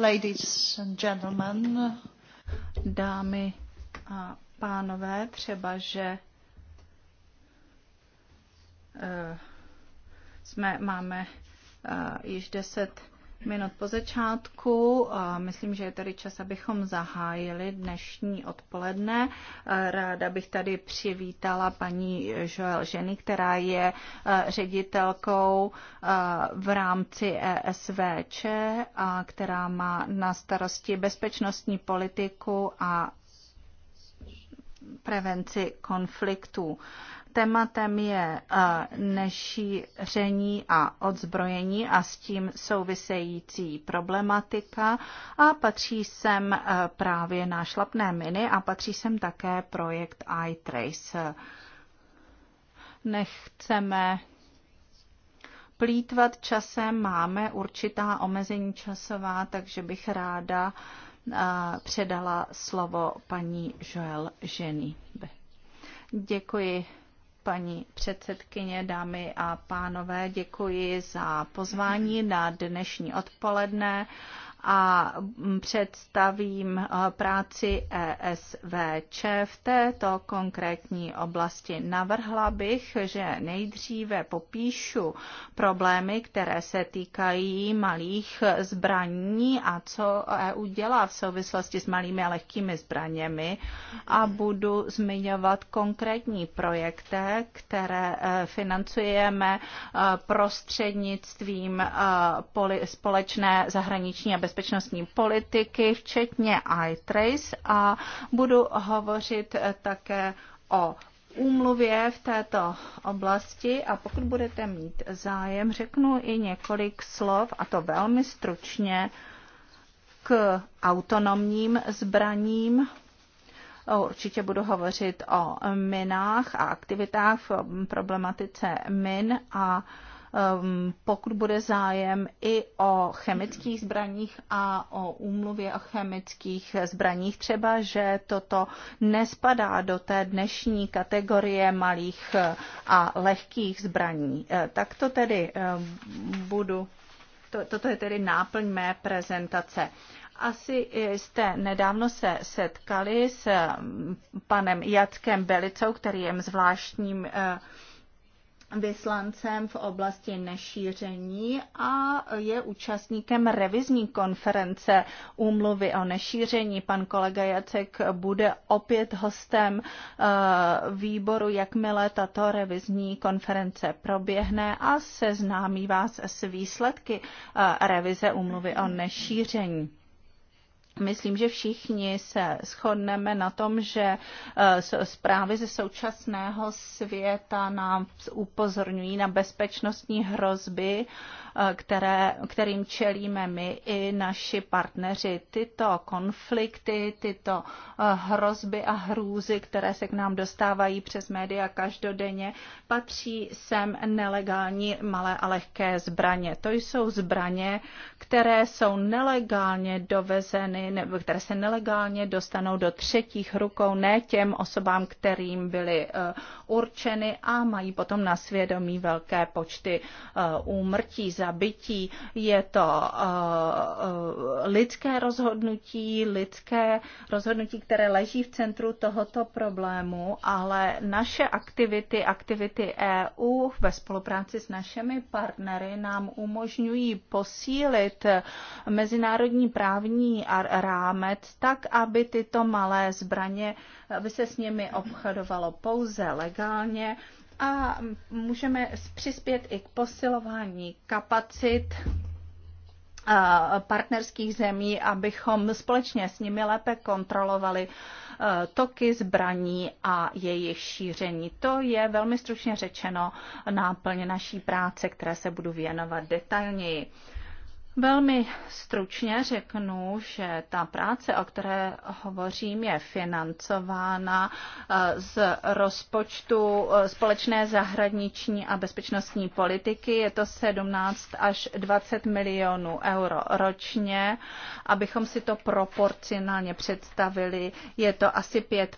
Ladies and gentlemen. Dámy a pánové, třeba, že eh, jsme, máme eh, již deset minut po začátku. Myslím, že je tady čas, abychom zahájili dnešní odpoledne. Ráda bych tady přivítala paní Joel Ženy, která je ředitelkou v rámci ESVČ, a která má na starosti bezpečnostní politiku a prevenci konfliktů. Tématem je eh, nešíření a odzbrojení a s tím související problematika a patří sem eh, právě na šlapné miny a patří sem také projekt iTrace. Nechceme plítvat časem, máme určitá omezení časová, takže bych ráda eh, předala slovo paní Joel Ženy. Děkuji Paní předsedkyně, dámy a pánové, děkuji za pozvání na dnešní odpoledne a představím eh, práci ESVČ v této konkrétní oblasti. Navrhla bych, že nejdříve popíšu problémy, které se týkají malých zbraní a co EU dělá v souvislosti s malými a lehkými zbraněmi a budu zmiňovat konkrétní projekty, které eh, financujeme eh, prostřednictvím společné zahraniční a bez bezpečnostní politiky, včetně iTrace a budu hovořit také o úmluvě v této oblasti a pokud budete mít zájem, řeknu i několik slov, a to velmi stručně, k autonomním zbraním. Určitě budu hovořit o minách a aktivitách v problematice min a Ehm, pokud bude zájem i o chemických zbraních a o úmluvě o chemických zbraních, třeba, že toto nespadá do té dnešní kategorie malých eh, a lehkých zbraní. Eh, tak to tedy ehm, budu, to, toto je tedy náplň mé prezentace asi jste nedávno se setkali s ehm, panem Jackem Belicou, který je zvláštním uh, vyslancem v oblasti nešíření a je účastníkem revizní konference úmluvy o nešíření. Pan kolega Jacek bude opět hostem eh, výboru, jakmile tato revizní konference proběhne a seznámí vás s výsledky eh, revize úmluvy o nešíření. Myslím, že všichni se shodneme na tom, že eh, zprávy ze současného světa nám upozorňují na bezpečnostní hrozby, eh, které, kterým čelíme my i naši partneři. Tyto konflikty, tyto eh, hrozby a hrůzy, které se k nám dostávají přes média každodenně, patří sem nelegální malé a lehké zbraně. To jsou zbraně, které jsou nelegálně dovezeny nebo které se nelegálně dostanou do třetích rukou, ne těm osobám, kterým byly eh, určeny a mají potom na svědomí velké počty eh, úmrtí, zabití. Je to eh, lidské rozhodnutí, lidské rozhodnutí, které leží v centru tohoto problému, ale naše aktivity, aktivity EU ve spolupráci s našimi partnery nám umožňují posílit mezinárodní právní rámec tak, aby tyto malé zbraně, aby se s nimi obchodovalo pouze legálně a můžeme přispět i k posilování kapacit partnerských zemí, abychom společně s nimi lépe kontrolovali toky zbraní a jejich šíření. To je velmi stručně řečeno náplně naší práce, které se budu věnovat detailněji. Velmi stručně řeknu, že ta práce, o které hovořím, je financována eh, z rozpočtu eh, společné zahraniční a bezpečnostní politiky. Je to 17 až 20 milionů euro ročně. Abychom si to proporcionálně představili, je to asi 5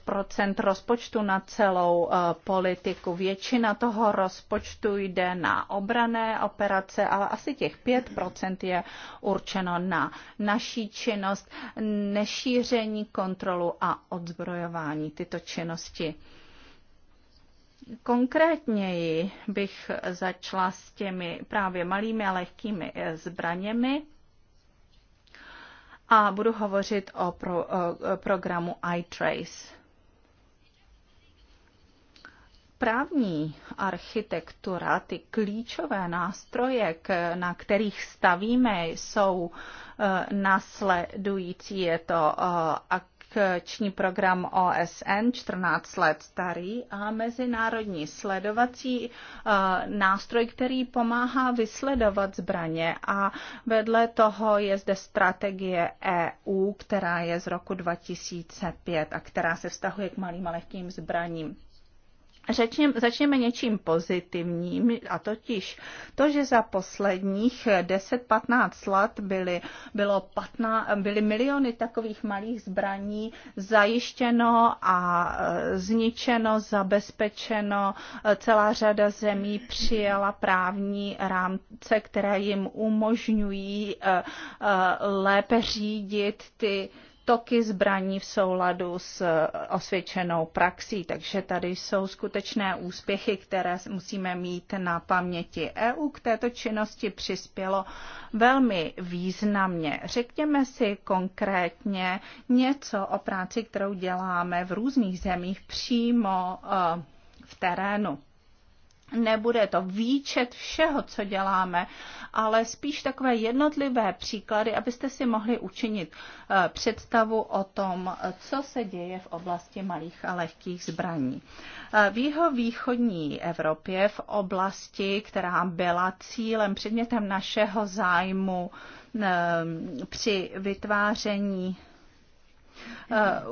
rozpočtu na celou eh, politiku. Většina toho rozpočtu jde na obrané operace, ale asi těch 5 je určeno na naší činnost, nešíření, kontrolu a odzbrojování tyto činnosti. Konkrétněji bych začala s těmi právě malými a lehkými eh, zbraněmi a budu hovořit o pro, o programu iTrace. Správní architektura, ty klíčové nástroje, na kterých stavíme, jsou e, následující. Je to e, akční program OSN, 14 let starý, a mezinárodní sledovací e, nástroj, který pomáhá vysledovat zbraně. A vedle toho je zde strategie EU, která je z roku 2005 a která se vztahuje k malým a lehkým zbraním začněme něčím pozitivním, a totiž to, že za posledních 10-15 let byly, bylo 15, byly miliony takových malých zbraní zajištěno a e, zničeno, zabezpečeno. Celá řada zemí přijela právní rámce, které jim umožňují e, e, lépe řídit ty toky zbraní v souladu s eh, osvědčenou praxí. Takže tady jsou skutečné úspěchy, které musíme mít na paměti. EU k této činnosti přispělo velmi významně. Řekněme si konkrétně něco o práci, kterou děláme v různých zemích přímo eh, v terénu nebude to výčet všeho, co děláme, ale spíš takové jednotlivé příklady, abyste si mohli učinit eh, představu o tom, co se děje v oblasti malých a lehkých zbraní. Eh, v jeho východní Evropě, v oblasti, která byla cílem, předmětem našeho zájmu eh, při vytváření Eh,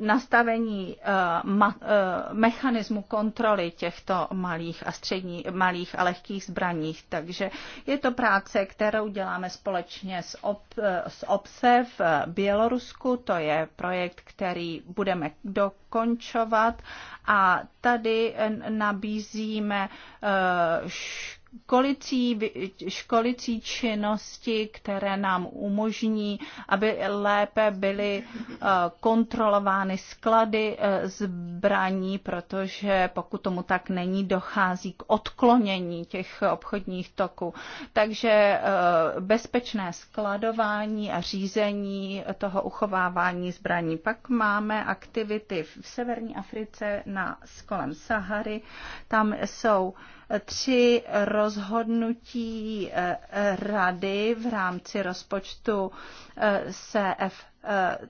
nastavení eh, eh, mechanismu kontroly těchto malých a střední, malých a lehkých zbraních. Takže je to práce, kterou děláme společně s, ob, s OBSE v Bělorusku. To je projekt, který budeme dokončovat a tady nabízíme školicí, školicí činnosti, které nám umožní, aby lépe byly eh, kontrolovány sklady eh, zbraní, protože pokud tomu tak není, dochází k odklonění těch obchodních toků. Takže eh, bezpečné skladování a řízení toho uchovávání zbraní. Pak máme aktivity v severní Africe na kolem Sahary. Tam jsou tři rozhodnutí eh, rady v rámci rozpočtu eh, CFP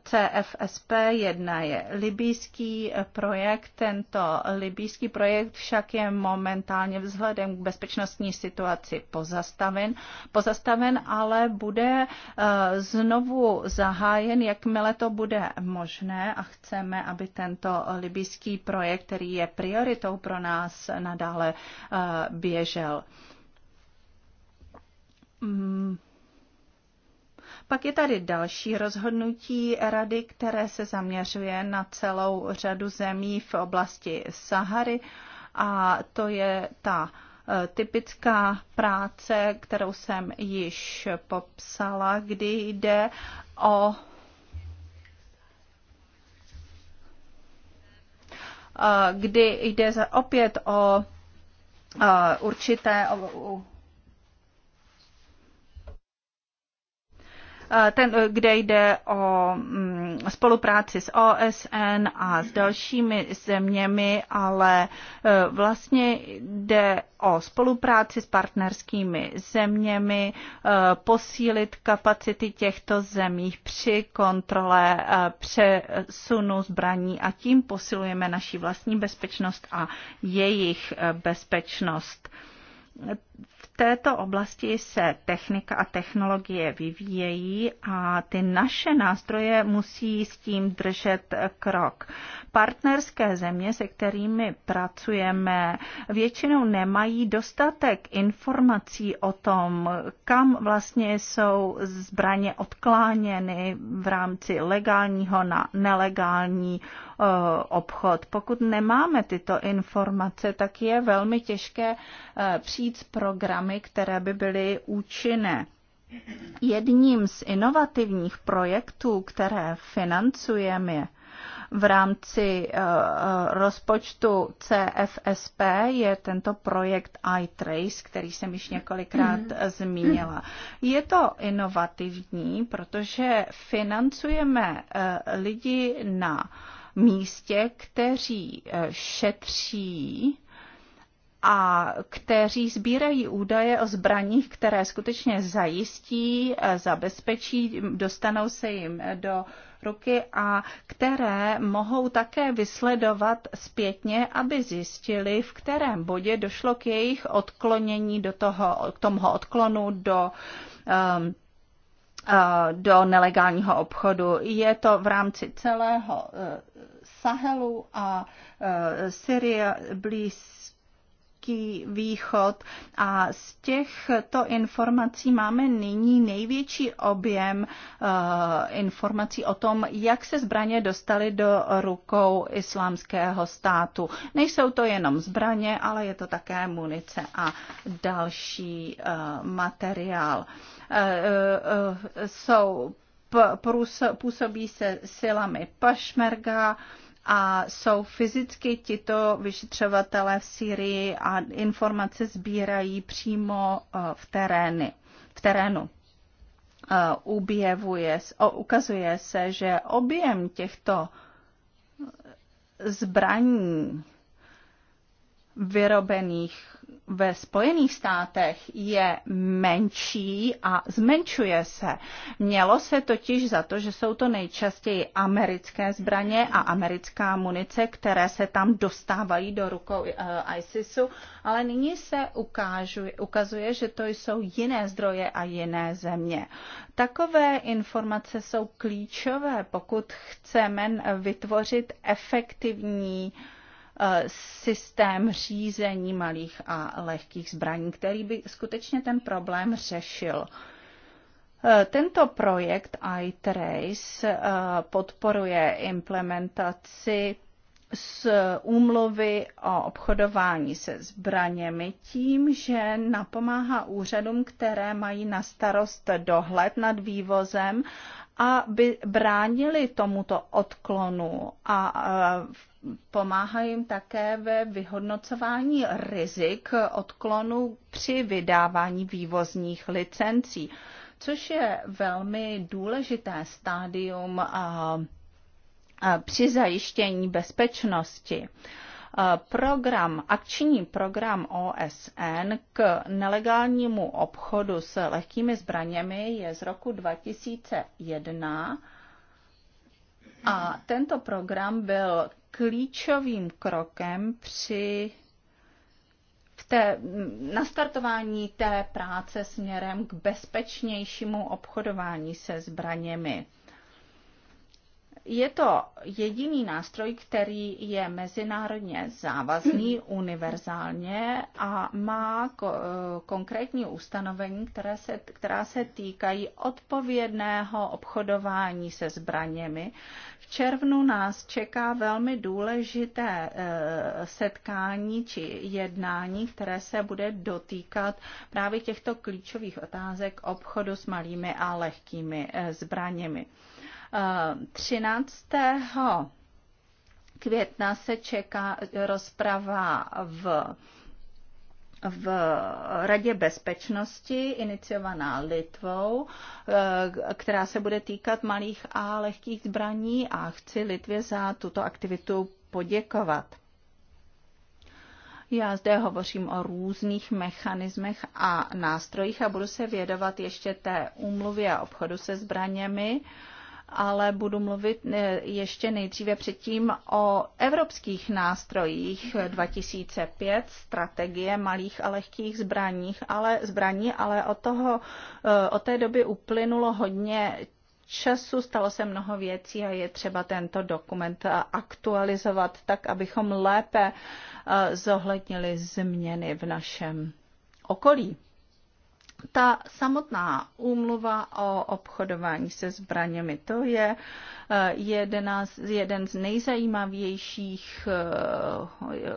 CFSP, jedna je libýský projekt. Tento libýský projekt však je momentálně vzhledem k bezpečnostní situaci pozastaven, pozastaven ale bude eh, znovu zahájen, jakmile to bude možné a chceme, aby tento libýský projekt, který je prioritou pro nás, nadále eh, běžel. Mm pak je tady další rozhodnutí rady, které se zaměřuje na celou řadu zemí v oblasti Sahary a to je ta e, typická práce, kterou jsem již popsala, kdy jde o e, kdy jde opět o e, určité Eh, ten, eh, kde jde o mm, spolupráci s OSN a s dalšími zeměmi, ale eh, vlastně jde o spolupráci s partnerskými zeměmi, posílit kapacity těchto zemí při kontrole přesunu zbraní a tím posilujeme naši vlastní bezpečnost a jejich bezpečnost této oblasti se technika a technologie vyvíjejí a ty naše nástroje musí s tím držet krok. Partnerské země, se kterými pracujeme, většinou nemají dostatek informací o tom, kam vlastně jsou zbraně odkláněny v rámci legálního na nelegální Eh, obchod. Pokud nemáme tyto informace, tak je velmi těžké eh, přijít s programy, které by byly účinné. Jedním z inovativních projektů, které financujeme v rámci eh, rozpočtu CFSP, je tento projekt iTrace, který jsem již několikrát mhm. zmínila. Je to inovativní, protože financujeme lidi na místě, kteří eh, šetří a kteří sbírají údaje o zbraních, které skutečně zajistí, eh, zabezpečí, dostanou se jim do ruky a které mohou také vysledovat zpětně, aby zjistili, v kterém bodě došlo k jejich odklonění do toho, k tomu odklonu do um, Eh, do nelegálního obchodu. Je to v rámci celého eh, Sahelu a eh, Syrie, Blíz, Blízký východ a z těchto informací máme nyní největší objem eh, informací o tom, jak se zbraně dostaly do rukou islámského státu. Nejsou to jenom zbraně, ale je to také munice a další eh, materiál. Eh, jsou působí se silami Pašmerga, a jsou fyzicky tito vyšetřovatelé v Syrii a informace sbírají přímo eh, v, terény, v terénu. Ubjevuje, eh, ukazuje se, že objem těchto eh, zbraní vyrobených ve Spojených státech je menší a zmenšuje se. Mělo se totiž za to, že jsou to nejčastěji americké zbraně a americká munice, které se tam dostávají do rukou eh, ISISu, ale nyní se ukážuje, ukazuje, že to jsou jiné zdroje a jiné země. Takové informace jsou klíčové, pokud chceme vytvořit efektivní uh, Eh, systém řízení malých a lehkých zbraní, který by skutečně ten problém řešil. Eh, tento projekt iTrace eh, podporuje implementaci z úmluvy o obchodování se zbraněmi tím, že napomáhá úřadům, které mají na starost dohled nad vývozem, aby bránili tomuto odklonu a v pomáhá jim také ve vyhodnocování rizik odklonu při vydávání vývozních licencí, což je velmi důležité stádium a, a při zajištění bezpečnosti program, akční program OSN k nelegálnímu obchodu s lehkými zbraněmi je z roku 2001 a tento program byl klíčovým krokem při v té, nastartování té práce směrem k bezpečnějšímu obchodování se zbraněmi. Je to jediný nástroj, který je mezinárodně závazný, univerzálně a má ko- konkrétní ustanovení, které se, která se týkají odpovědného obchodování se zbraněmi, červnu nás čeká velmi důležité eh, setkání či jednání, které se bude dotýkat právě těchto klíčových otázek obchodu s malými a lehkými eh, zbraněmi. 13 eh, května se čeká rozprava v v Radě bezpečnosti iniciovaná Litvou, eh, která se bude týkat malých a lehkých zbraní a chci Litvě za tuto aktivitu poděkovat. Já zde hovořím o různých mechanismech a nástrojích a budu se vědovat ještě té úmluvě a obchodu se zbraněmi. Uh, ale budu mluvit eh, ještě nejdříve předtím o evropských nástrojích 2005, strategie malých a lehkých zbraních, ale, zbraní, ale od, toho, eh, od té doby uplynulo hodně času, stalo se mnoho věcí a je třeba tento dokument eh, aktualizovat tak, abychom lépe zohlednili změny v našem okolí ta samotná úmluva o obchodování se zbraněmi, to je eh, jeden z nejzajímavějších eh,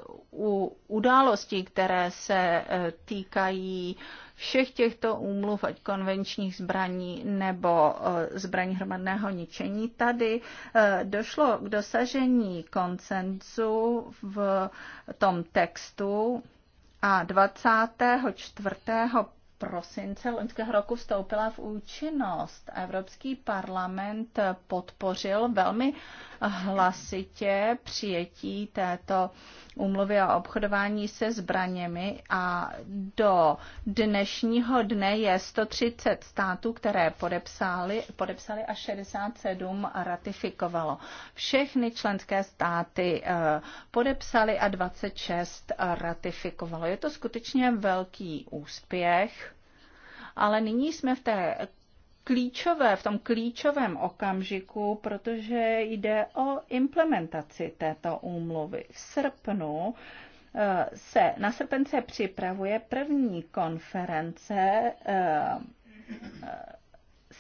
událostí, které se eh, týkají všech těchto úmluv, ať konvenčních zbraní nebo zbraní hromadného ničení. Tady došlo k dosažení koncenzu v tom textu a 24 prosince loňského roku vstoupila v účinnost. Evropský parlament podpořil velmi hlasitě přijetí této úmluvy o obchodování se zbraněmi a do dnešního dne je 130 států, které podepsali, podepsali a 67 ratifikovalo. Všechny členské státy eh, podepsali a 26 ratifikovalo. Je to skutečně velký úspěch ale nyní jsme v té klíčové, v tom klíčovém okamžiku, protože jde o implementaci této úmluvy. V srpnu eh, se na srpence připravuje první konference eh, eh,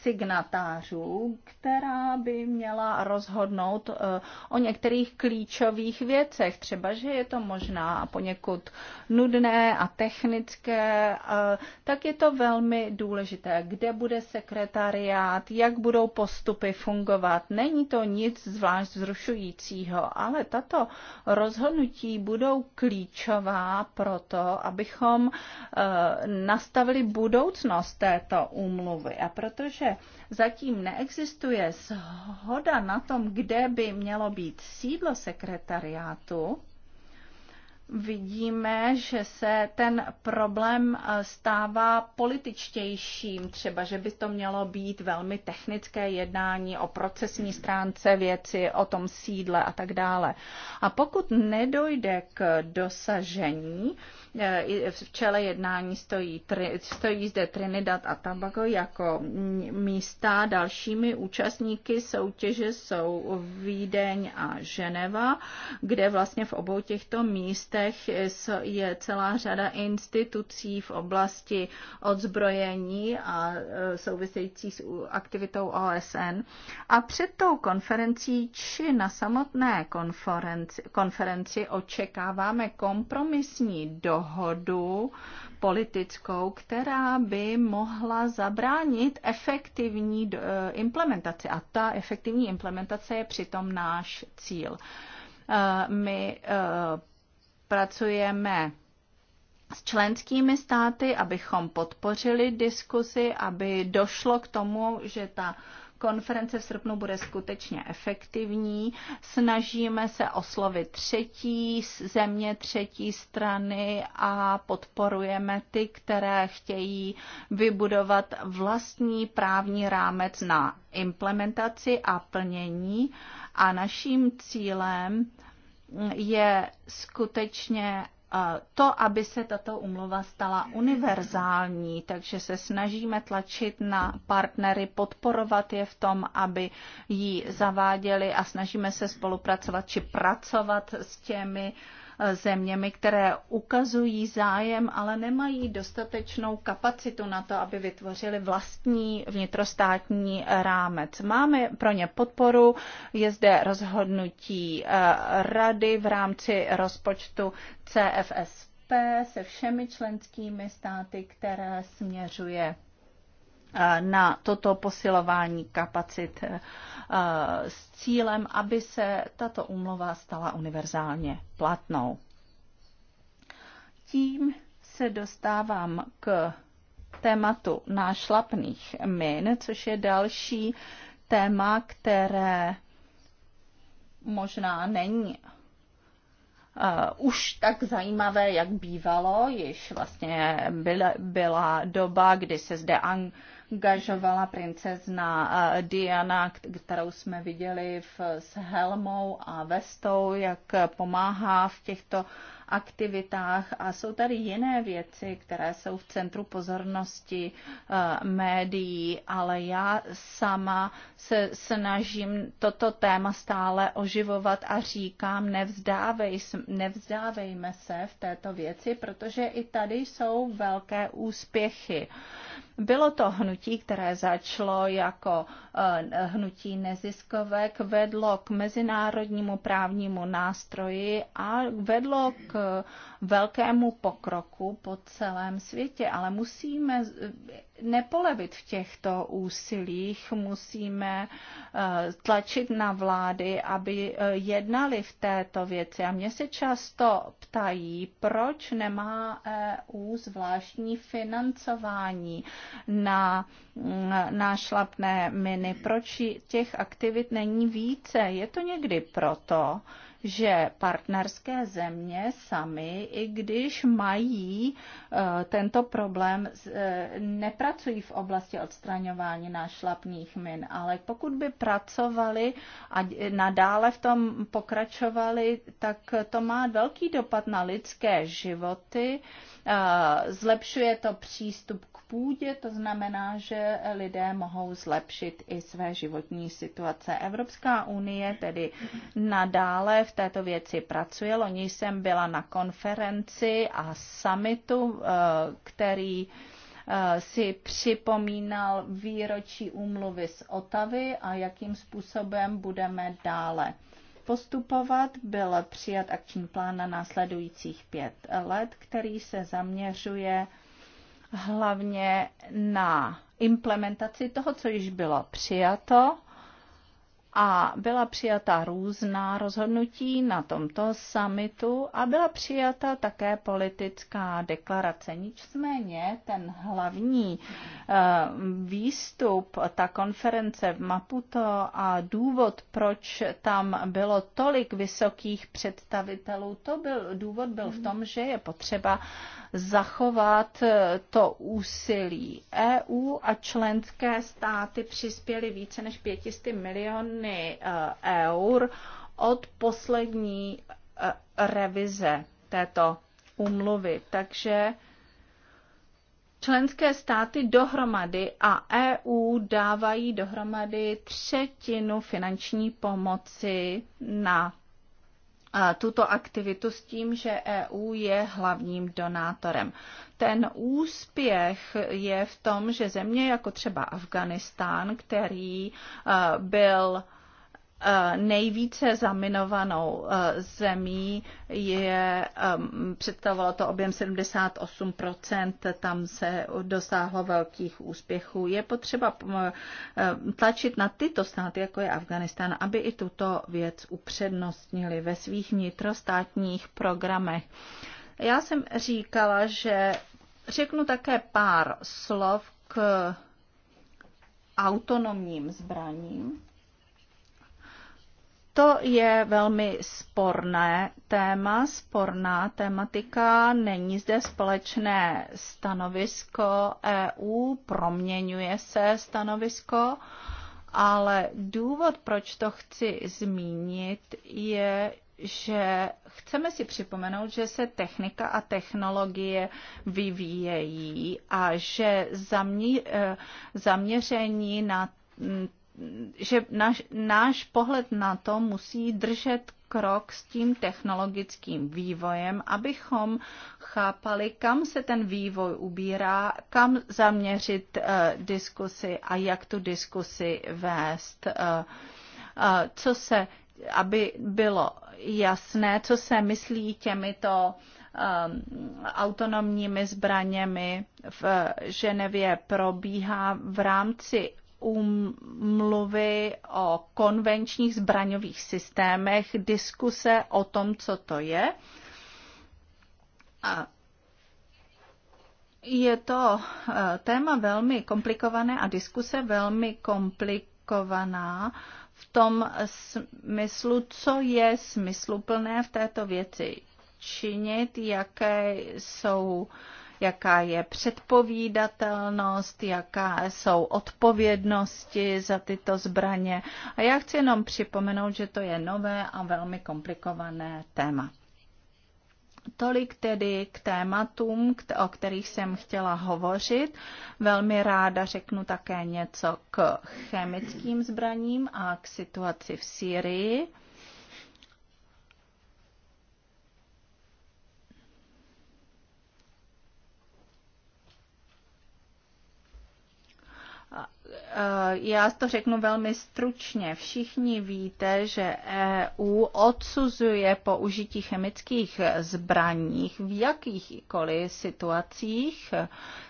signatářů, která by měla rozhodnout eh, o některých klíčových věcech. Třeba, že je to možná poněkud nudné a technické, eh, tak je to velmi důležité, kde bude sekretariát, jak budou postupy fungovat. Není to nic zvlášť vzrušujícího, ale tato rozhodnutí budou klíčová pro to, abychom eh, nastavili budoucnost této úmluvy. A protože zatím neexistuje shoda na tom, kde by mělo být sídlo sekretariátu, vidíme, že se ten problém eh, stává političtějším, třeba, že by to mělo být velmi technické jednání o procesní stránce věci, o tom sídle a tak dále. A pokud nedojde k dosažení, Eh, v čele jednání stojí, stojí zde Trinidad a Tobago jako místa. Dalšími účastníky soutěže jsou Vídeň a Ženeva, kde vlastně v obou těchto místech je celá řada institucí v oblasti odzbrojení a eh, související s aktivitou OSN. A před tou konferencí či na samotné konferenci, konferenci očekáváme kompromisní dohodu dohodu politickou, která by mohla zabránit efektivní eh, implementaci. A ta efektivní implementace je přitom náš cíl. Eh, my eh, pracujeme s členskými státy, abychom podpořili diskuzi, aby došlo k tomu, že ta konference v srpnu bude skutečně efektivní. Snažíme se oslovit třetí země, třetí strany a podporujeme ty, které chtějí vybudovat vlastní právní rámec na implementaci a plnění. A naším cílem je skutečně to, aby se tato umluva stala univerzální, takže se snažíme tlačit na partnery, podporovat je v tom, aby ji zaváděli a snažíme se spolupracovat či pracovat s těmi uh, zeměmi, které ukazují zájem, ale nemají dostatečnou kapacitu na to, aby vytvořili vlastní vnitrostátní rámec. Máme pro ně podporu, je zde rozhodnutí eh, rady v rámci rozpočtu CFSP se všemi členskými státy, které směřuje Eh, na toto posilování kapacit eh, s cílem, aby se tato úmluva stala univerzálně platnou. Tím se dostávám k tématu nášlapných min, což je další téma, které možná není uh, už tak zajímavé, jak bývalo. Již vlastně byla, byla doba, kdy se zde ang, angažovala princezna eh, Diana, kterou jsme viděli v, s helmou a vestou, jak pomáhá v těchto aktivitách a jsou tady jiné věci, které jsou v centru pozornosti eh, médií, ale já sama se snažím toto téma stále oživovat a říkám, nevzdávej, nevzdávejme se v této věci, protože i tady jsou velké úspěchy. Bylo to hnutí, které začalo jako eh, hnutí neziskovek, vedlo k mezinárodnímu právnímu nástroji a vedlo k velkému pokroku po celém světě, ale musíme nepolevit v těchto úsilích, musíme eh, tlačit na vlády, aby eh, jednali v této věci. A mě se často ptají, proč nemá EU zvláštní financování na mm, nášlapné miny, proč těch aktivit není více. Je to někdy proto, že partnerské země sami, i když mají eh, tento problém, eh, nepracují v oblasti odstraňování nášlapných min, ale pokud by pracovali a nadále v tom pokračovali, tak to má velký dopad na lidské životy, eh, zlepšuje to přístup půdě, to znamená, že lidé mohou zlepšit i své životní situace. Evropská unie tedy nadále v této věci pracuje. Loni jsem byla na konferenci a summitu, eh, který eh, si připomínal výročí úmluvy z Otavy a jakým způsobem budeme dále postupovat. Byl přijat akční plán na následujících pět let, který se zaměřuje hlavně na implementaci toho, co již bylo přijato a byla přijata různá rozhodnutí na tomto summitu a byla přijata také politická deklarace. Nicméně ten hlavní eh, výstup, ta konference v Maputo a důvod, proč tam bylo tolik vysokých představitelů, to byl, důvod byl v tom, že je potřeba zachovat eh, to úsilí. EU a členské státy přispěly více než 500 miliony miliony eh, eur od poslední eh, revize této úmluvy. Takže členské státy dohromady a EU dávají dohromady třetinu finanční pomoci na eh, tuto aktivitu s tím, že EU je hlavním donátorem. Ten úspěch je v tom, že země jako třeba Afganistán, který byl Eh, nejvíce zaminovanou eh, zemí je, eh, představovalo to objem 78%, tam se dosáhlo velkých úspěchů. Je potřeba tlačit na tyto státy, jako je Afganistán, aby i tuto věc upřednostnili ve svých vnitrostátních programech. Já jsem říkala, že řeknu také pár slov k autonomním zbraním to je velmi sporné téma, sporná tematika. Není zde společné stanovisko EU, proměňuje se stanovisko, ale důvod, proč to chci zmínit, je, že chceme si připomenout, že se technika a technologie vyvíjejí a že e, zaměření na že náš, náš pohled na to musí držet krok s tím technologickým vývojem, abychom chápali, kam se ten vývoj ubírá, kam zaměřit uh, diskusy a jak tu diskusy vést. Uh, uh, co se, aby bylo jasné, co se myslí těmito autonomními zbraněmi v Ženevě probíhá v rámci úmluvy o konvenčních zbraňových systémech, diskuse o tom, co to je. A je to eh, téma velmi komplikované a diskuse velmi komplikovaná v tom smyslu, co je smysluplné v této věci činit, jaké jsou uh, jaká je předpovídatelnost, jaká jsou odpovědnosti za tyto zbraně. A já chci jenom připomenout, že to je nové a velmi komplikované téma. Tolik tedy k tématům, o kterých jsem chtěla hovořit. Velmi ráda řeknu také něco k chemickým zbraním a k situaci v Sýrii. Eh, já to řeknu velmi stručně. Všichni víte, že EU odsuzuje použití chemických zbraní v jakýchkoliv situacích,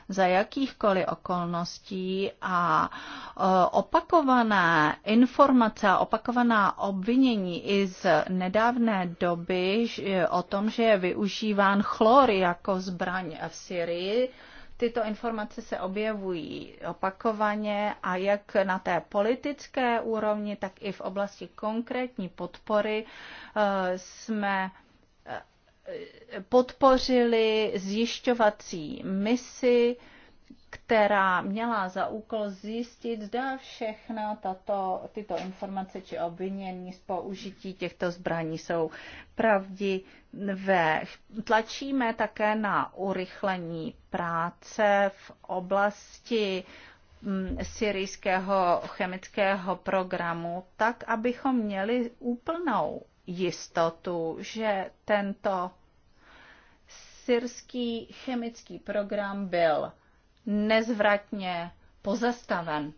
za jakýchkoliv okolností a eh, opakované informace a opakovaná obvinění i z nedávné doby o tom, že je využíván chlor jako zbraň v Syrii, Tyto informace se objevují opakovaně a jak na té politické úrovni, tak i v oblasti konkrétní podpory eh, jsme eh, podpořili zjišťovací misi která měla za úkol zjistit, zda všechna tato, tyto informace či obvinění z použití těchto zbraní jsou pravdivé. Tlačíme také na urychlení práce v oblasti mm, syrijského chemického programu, tak abychom měli úplnou jistotu, že tento syrský chemický program byl nezvratně pozastaven.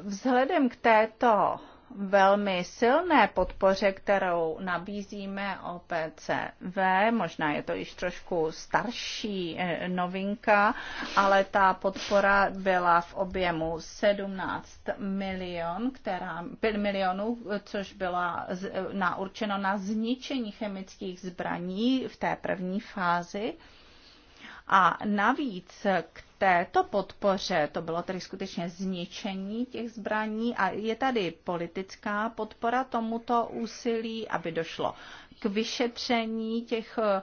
Vzhledem k této velmi silné podpoře, kterou nabízíme OPCV. Možná je to již trošku starší eh, novinka, ale ta podpora byla v objemu 17 milion, která, milionů, což byla na, určeno na zničení chemických zbraní v té první fázi. A navíc k této podpoře, to bylo tedy skutečně zničení těch zbraní a je tady politická podpora tomuto úsilí, aby došlo k vyšetření těch eh,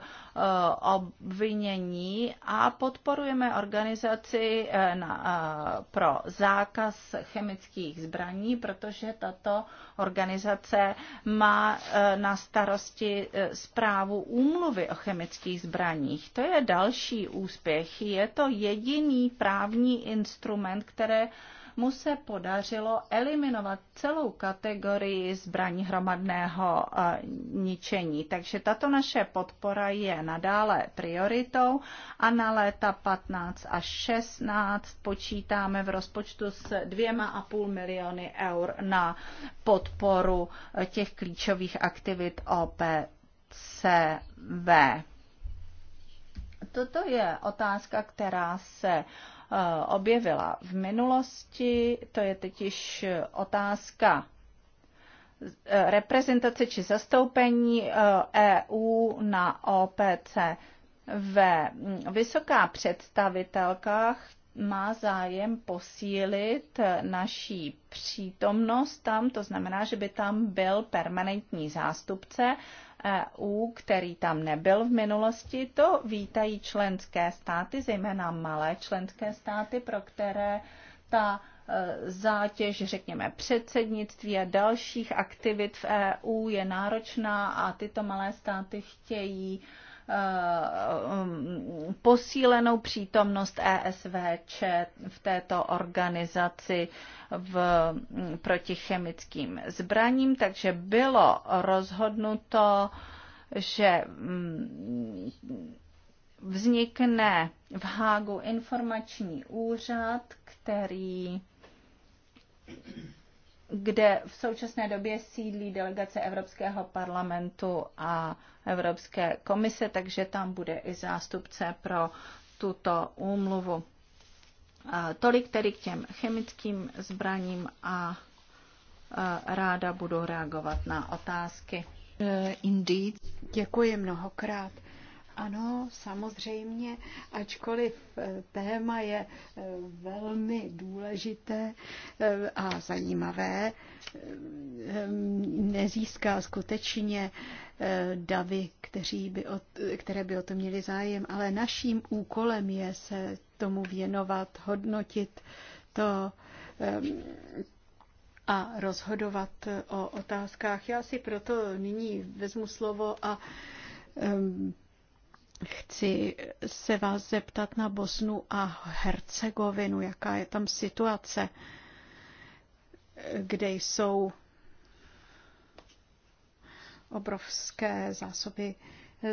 obvinění a podporujeme organizaci eh, na, eh, pro zákaz chemických zbraní, protože tato organizace má na starosti zprávu úmluvy o chemických zbraních. To je další úspěch. Je to jediný právní instrument, které mu se podařilo eliminovat celou kategorii zbraní hromadného eh, ničení. Takže tato naše podpora je nadále prioritou a na léta 15 až 16 počítáme v rozpočtu s 2,5 miliony eur na podporu eh, těch klíčových aktivit OPCV. Toto je otázka, která se Eh, objevila v minulosti. To je totiž otázka eh, reprezentace či zastoupení EU eh, e na OPC. Ve mm, vysoká představitelka má zájem posílit naší přítomnost tam, to znamená, že by tam byl permanentní zástupce EU, který tam nebyl v minulosti, to vítají členské státy, zejména malé členské státy, pro které ta e, zátěž, řekněme, předsednictví a dalších aktivit v EU je náročná a tyto malé státy chtějí uh, Eh, posílenou přítomnost ESVČ v této organizaci v, protichemickým zbraním, takže bylo rozhodnuto, že mm, vznikne v Hágu informační úřad, který kde v současné době sídlí delegace Evropského parlamentu a Evropské komise, takže tam bude i zástupce pro tuto úmluvu. Tolik tedy k těm chemickým zbraním a ráda budu reagovat na otázky. Eh, indeed. Děkuji mnohokrát. Ano, samozřejmě, ačkoliv eh, téma je eh, velmi důležité eh, a zajímavé, nezíská skutečně davy, kteří by o, které by o to měli zájem, ale naším úkolem je se tomu věnovat, hodnotit to, a rozhodovat o otázkách. Já si proto nyní vezmu slovo a Chci se vás zeptat na Bosnu a Hercegovinu, jaká je tam situace, kde jsou obrovské zásoby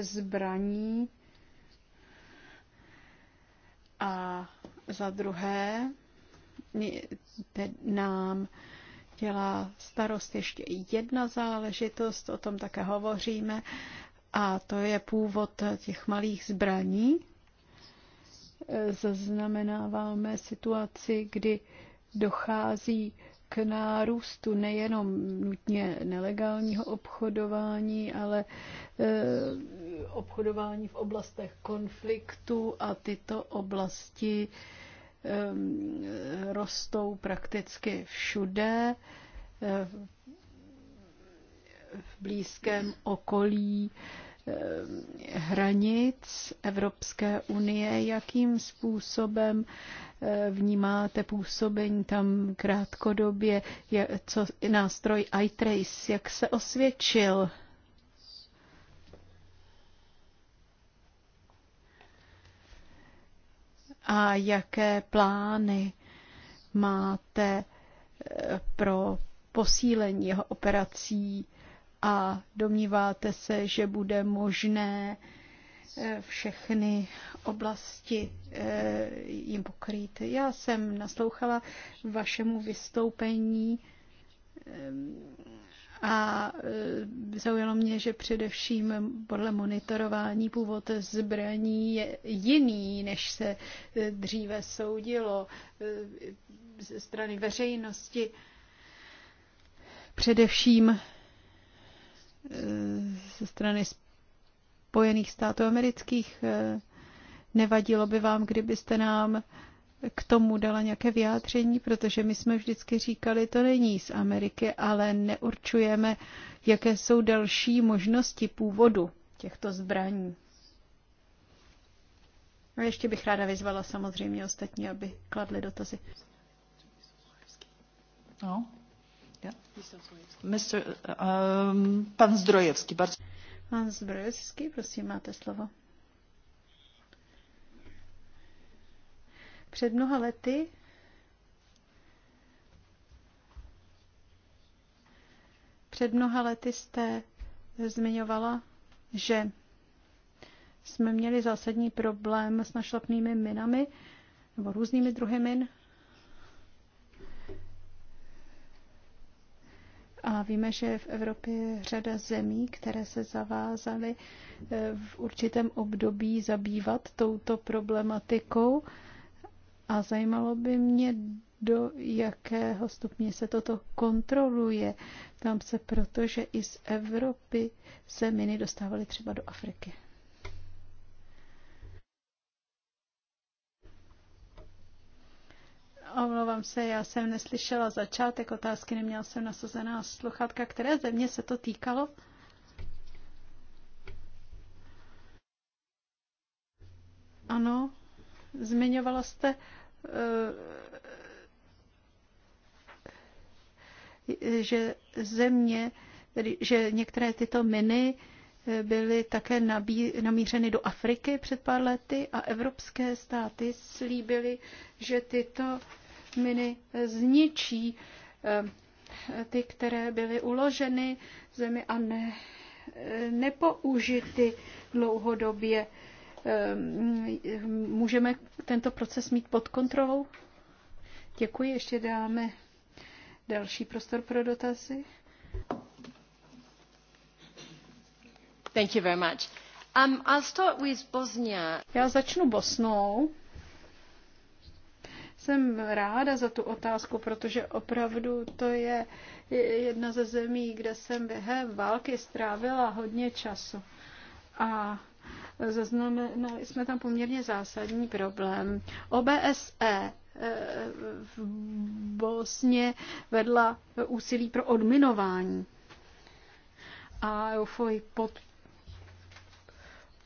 zbraní. A za druhé nám dělá starost ještě jedna záležitost, o tom také hovoříme, a to je původ těch malých zbraní. Zaznamenáváme situaci, kdy dochází k nárůstu nejenom nutně nelegálního obchodování, ale e, obchodování v oblastech konfliktu a tyto oblasti rostou prakticky všude e, v blízkém okolí hranic Evropské unie, jakým způsobem eh, vnímáte působení tam krátkodobě, co nástroj iTrace, jak se osvědčil? A jaké plány máte eh, pro posílení jeho operací a domníváte se, že bude možné eh, všechny oblasti eh, jim pokrýt. Já jsem naslouchala vašemu vystoupení eh, a zaujalo mě, že především podle monitorování původ zbraní je jiný, než se dříve soudilo ze strany veřejnosti. Především Eh, ze strany Spojených států amerických. Eh, nevadilo by vám, kdybyste nám k tomu dala nějaké vyjádření, protože my jsme vždycky říkali, to není z Ameriky, ale neurčujeme, jaké jsou další možnosti původu těchto zbraní. A ještě bych ráda vyzvala samozřejmě ostatní, aby kladli dotazy. No, Mr. Um, pan Zdrojevský, bardzo. Pan Zdrojevský, prosím, máte slovo. Před mnoha lety před mnoha lety jste zmiňovala, že jsme měli zásadní problém s našlapnými minami nebo různými druhy min A víme, že v Evropě je řada zemí, které se zavázaly eh, v určitém období zabývat touto problematikou. A zajímalo by mě, do jakého stupně se toto kontroluje. Tam se proto, že i z Evropy se miny dostávaly třeba do Afriky. Omlouvám se, já jsem neslyšela začátek otázky, neměla jsem nasazená sluchátka. Které země se to týkalo? Ano, zmiňovala jste eh, že země, že některé tyto miny eh, byly také nabí, namířeny do Afriky před pár lety a evropské státy slíbily, že tyto miny zničí eh, ty, které byly uloženy v zemi a ne, eh, nepoužity dlouhodobě. Eh, můžeme tento proces mít pod kontrolou? Děkuji, ještě dáme další prostor pro dotazy. Thank you very much. Um, I'll start with Bosnia. Já začnu Bosnou. Jsem ráda za tu otázku, protože opravdu to je jedna ze zemí, kde jsem během války strávila hodně času. A zaznamenali jsme tam poměrně zásadní problém. OBSE eh, v Bosně vedla úsilí pro odminování a EUFOI pod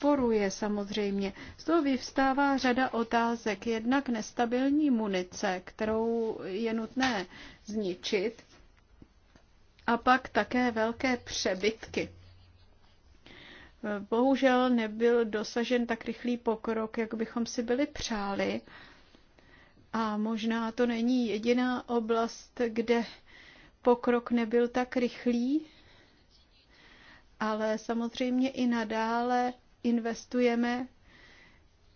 podporuje samozřejmě. Z toho vyvstává řada otázek. Jednak nestabilní munice, kterou je nutné zničit, a pak také velké přebytky. Bohužel nebyl dosažen tak rychlý pokrok, jak bychom si byli přáli. A možná to není jediná oblast, kde pokrok nebyl tak rychlý, ale samozřejmě i nadále investujeme.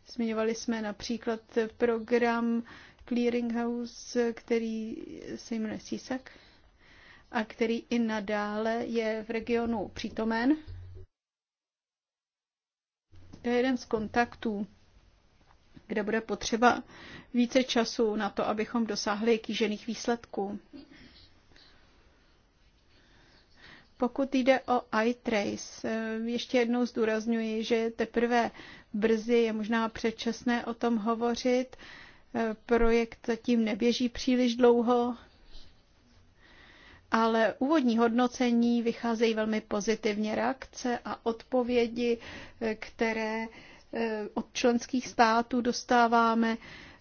Zmiňovali jsme například program Clearinghouse, který se jmenuje CISAC a který i nadále je v regionu přítomen. To je jeden z kontaktů, kde bude potřeba více času na to, abychom dosáhli kýžených výsledků. Pokud jde o iTrace, eh, ještě jednou zdůrazňuji, že teprve brzy je možná předčasné o tom hovořit. Eh, Projekt zatím neběží příliš dlouho, ale úvodní hodnocení vycházejí velmi pozitivně reakce a odpovědi, eh, které od členských států dostáváme,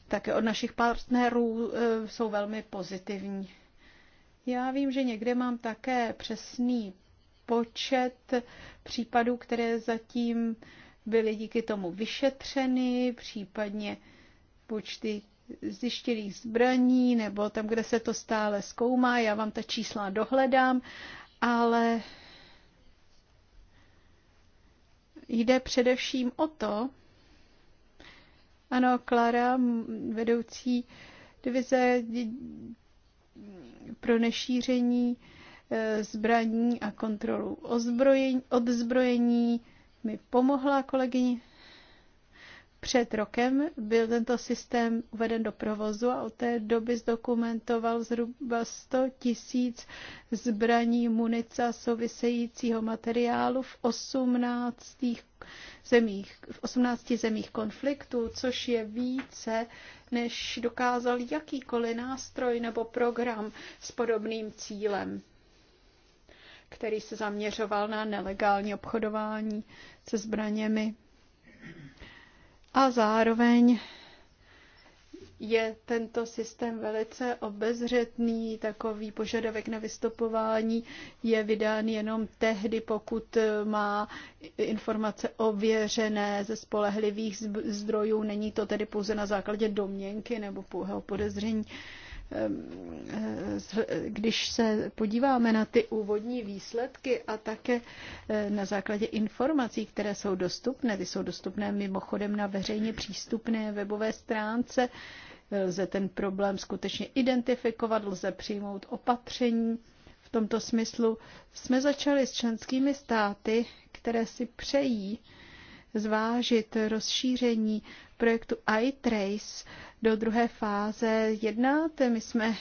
také od našich partnerů, jsou velmi pozitivní. Já vím, že někde mám také přesný počet případů, které zatím byly díky tomu vyšetřeny, případně počty zjištěných zbraní, nebo tam, kde se to stále zkoumá, já vám ta čísla dohledám, ale jde především o to, ano, Klara, vedoucí divize pro nešíření eh, zbraní a kontrolu odzbrojení, odzbrojení mi pomohla kolegyně před rokem byl tento systém uveden do provozu a od té doby zdokumentoval zhruba 100 tisíc zbraní, munice a souvisejícího materiálu v 18 zemích, v 18 zemích konfliktu, což je více, než dokázal jakýkoliv nástroj nebo program s podobným cílem který se zaměřoval na nelegální obchodování se zbraněmi a zároveň je tento systém velice obezřetný, takový požadavek na vystupování je vydán jenom tehdy, pokud má informace ověřené ze spolehlivých zdrojů. Není to tedy pouze na základě domněnky nebo pouhého podezření. Uh, Ehm, ehm, když se podíváme na ty úvodní výsledky a také eh, na základě informací, které jsou dostupné, ty jsou dostupné mimochodem na veřejně přístupné webové stránce, lze ten problém skutečně identifikovat, lze přijmout opatření. V tomto smyslu jsme začali s členskými státy, které si přejí zvážit rozšíření projektu iTrace do druhé fáze jednáte. My jsme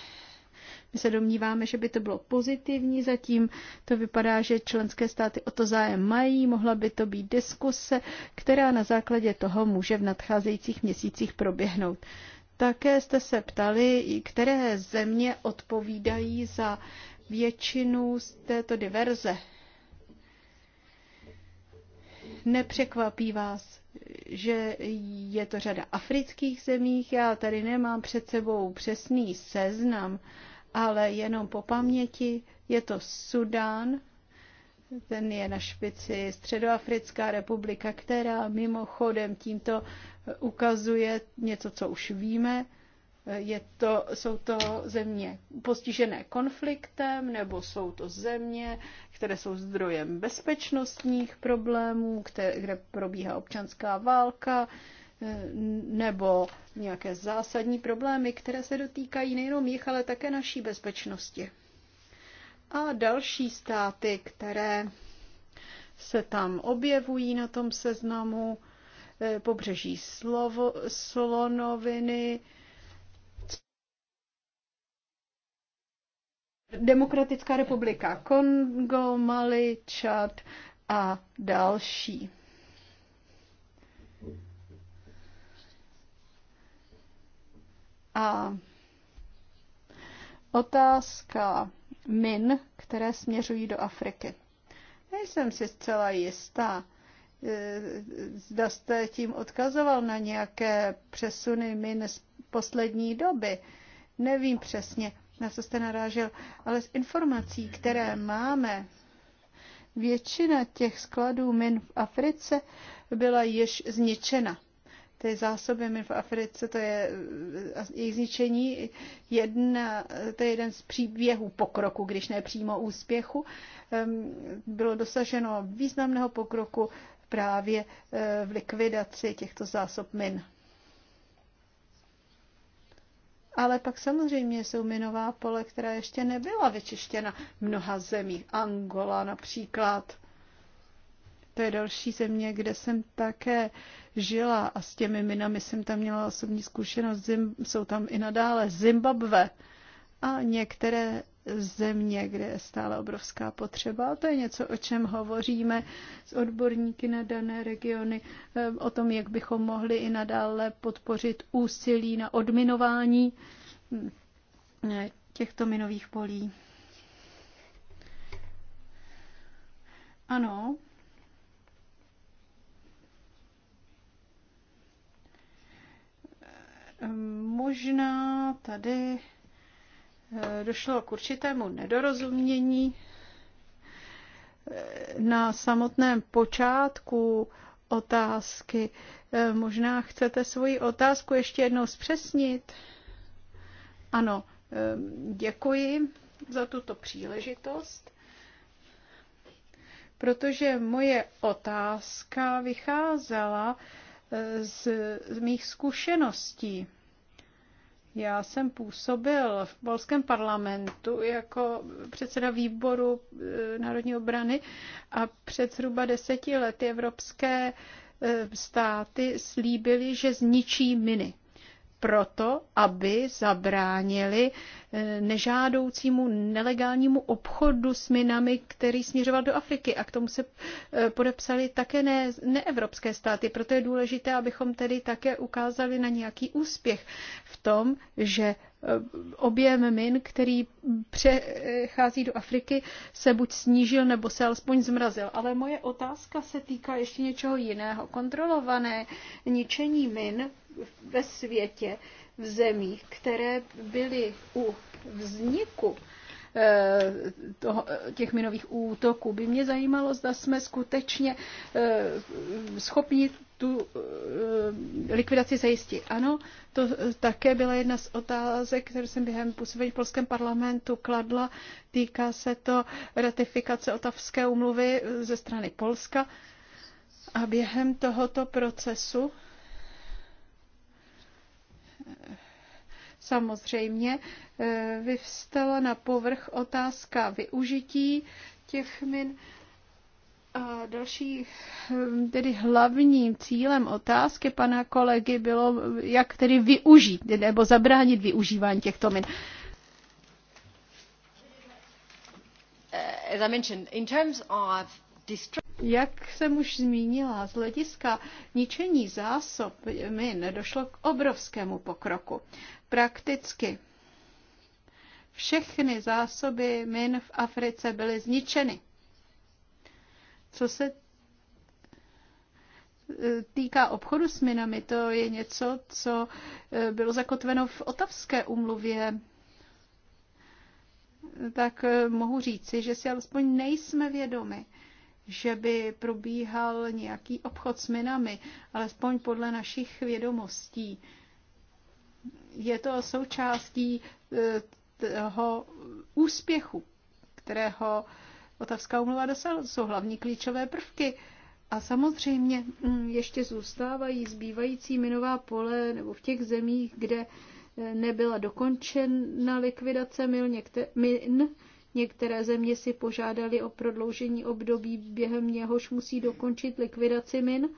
my se domníváme, že by to bylo pozitivní, zatím to vypadá, že členské státy o to zájem mají, mohla by to být diskuse, která na základě toho může v nadcházejících měsících proběhnout. Také jste se ptali, které země odpovídají za většinu z této diverze. Nepřekvapí vás, že je to řada afrických zemích. Já tady nemám před sebou přesný seznam, ale jenom po paměti je to Sudán, ten je na špici Středoafrická republika, která mimochodem tímto ukazuje něco, co už víme, je to, jsou to země postižené konfliktem, nebo jsou to země, které jsou zdrojem bezpečnostních problémů, které, kde probíhá občanská válka, eh, nebo nějaké zásadní problémy, které se dotýkají nejenom jich, ale také naší bezpečnosti. A další státy, které se tam objevují na tom seznamu, eh, pobřeží slovo, slonoviny, Demokratická republika Kongo, Mali, Čad a další. A otázka min, které směřují do Afriky. Nejsem si zcela jistá, eh, zda jste tím odkazoval na nějaké přesuny min z poslední doby. Nevím přesně na co jste narážel, ale z informací, které máme, většina těch skladů min v Africe byla již zničena. Ty zásoby min v Africe, to je eh, jejich zničení, jedna, to je jeden z příběhů pokroku, když ne přímo úspěchu. Ehm, bylo dosaženo významného pokroku právě eh, v likvidaci těchto zásob min. Ale pak samozřejmě jsou minová pole, která ještě nebyla vyčištěna v mnoha zemích. Angola například. To je další země, kde jsem také žila a s těmi minami jsem tam měla osobní zkušenost. Zim, jsou tam i nadále Zimbabve a některé země, kde je stále obrovská potřeba. A to je něco, o čem hovoříme s odborníky na dané regiony, eh, o tom, jak bychom mohli i nadále podpořit úsilí na odminování eh, těchto minových polí. Ano. Eh, možná tady Eh, došlo k určitému nedorozumění. Eh, na samotném počátku otázky. Eh, možná chcete svoji otázku ještě jednou zpřesnit? Ano, děkuji za tuto příležitost, protože moje otázka vycházela z, mých zkušeností já jsem působil v polském parlamentu jako předseda výboru eh, národní obrany a před zhruba deseti lety evropské eh, státy slíbily, že zničí miny proto, aby zabránili eh, nežádoucímu nelegálnímu obchodu s minami, který směřoval do Afriky. A k tomu se eh, podepsali také ne, neevropské státy. Proto je důležité, abychom tedy také ukázali na nějaký úspěch v tom, že objem min, který přechází do Afriky, se buď snížil nebo se alespoň zmrazil. Ale moje otázka se týká ještě něčeho jiného. Kontrolované ničení min ve světě v zemích, které byly u vzniku eh, toho, těch minových útoků. By mě zajímalo, zda jsme skutečně eh, schopni tu eh, likvidaci zajistit. Ano, to eh, také byla jedna z otázek, kterou jsem během působení v Polském parlamentu kladla. Týká se to ratifikace Otavské umluvy eh, ze strany Polska. A během tohoto procesu samozřejmě vyvstala na povrch otázka využití těch min a další hm, tedy hlavním cílem otázky pana kolegy bylo, jak tedy využít nebo zabránit využívání těchto min. Jak jsem už zmínila, z hlediska ničení zásob min došlo k obrovskému pokroku. Prakticky všechny zásoby min v Africe byly zničeny. Co se e, týká obchodu s minami, to je něco, co e, bylo zakotveno v Otavské umluvě tak e, mohu říci, že si alespoň nejsme vědomi, že by probíhal nějaký obchod s minami, alespoň podle našich vědomostí. Je to součástí toho úspěchu, kterého Otavská umluva dosáhla. jsou hlavní klíčové prvky. A samozřejmě mm, ještě zůstávají zbývající minová pole nebo v těch zemích, kde eh, nebyla dokončena likvidace mil, některé, min. Některé země si požádali o prodloužení období, během něhož musí dokončit likvidaci min.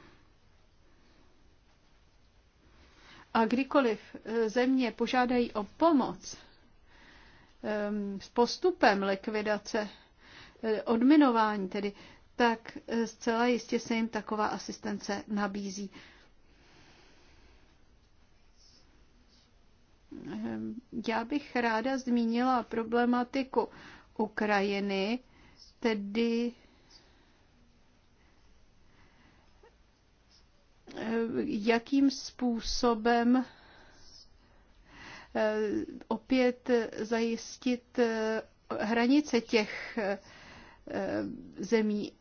A kdykoliv eh, země požádají o pomoc s postupem likvidace Eh, odminování, tedy tak eh, zcela jistě se jim taková asistence nabízí. Eh, já bych ráda zmínila problematiku Ukrajiny, tedy jakým způsobem opět zajistit hranice těch Eh, zemí,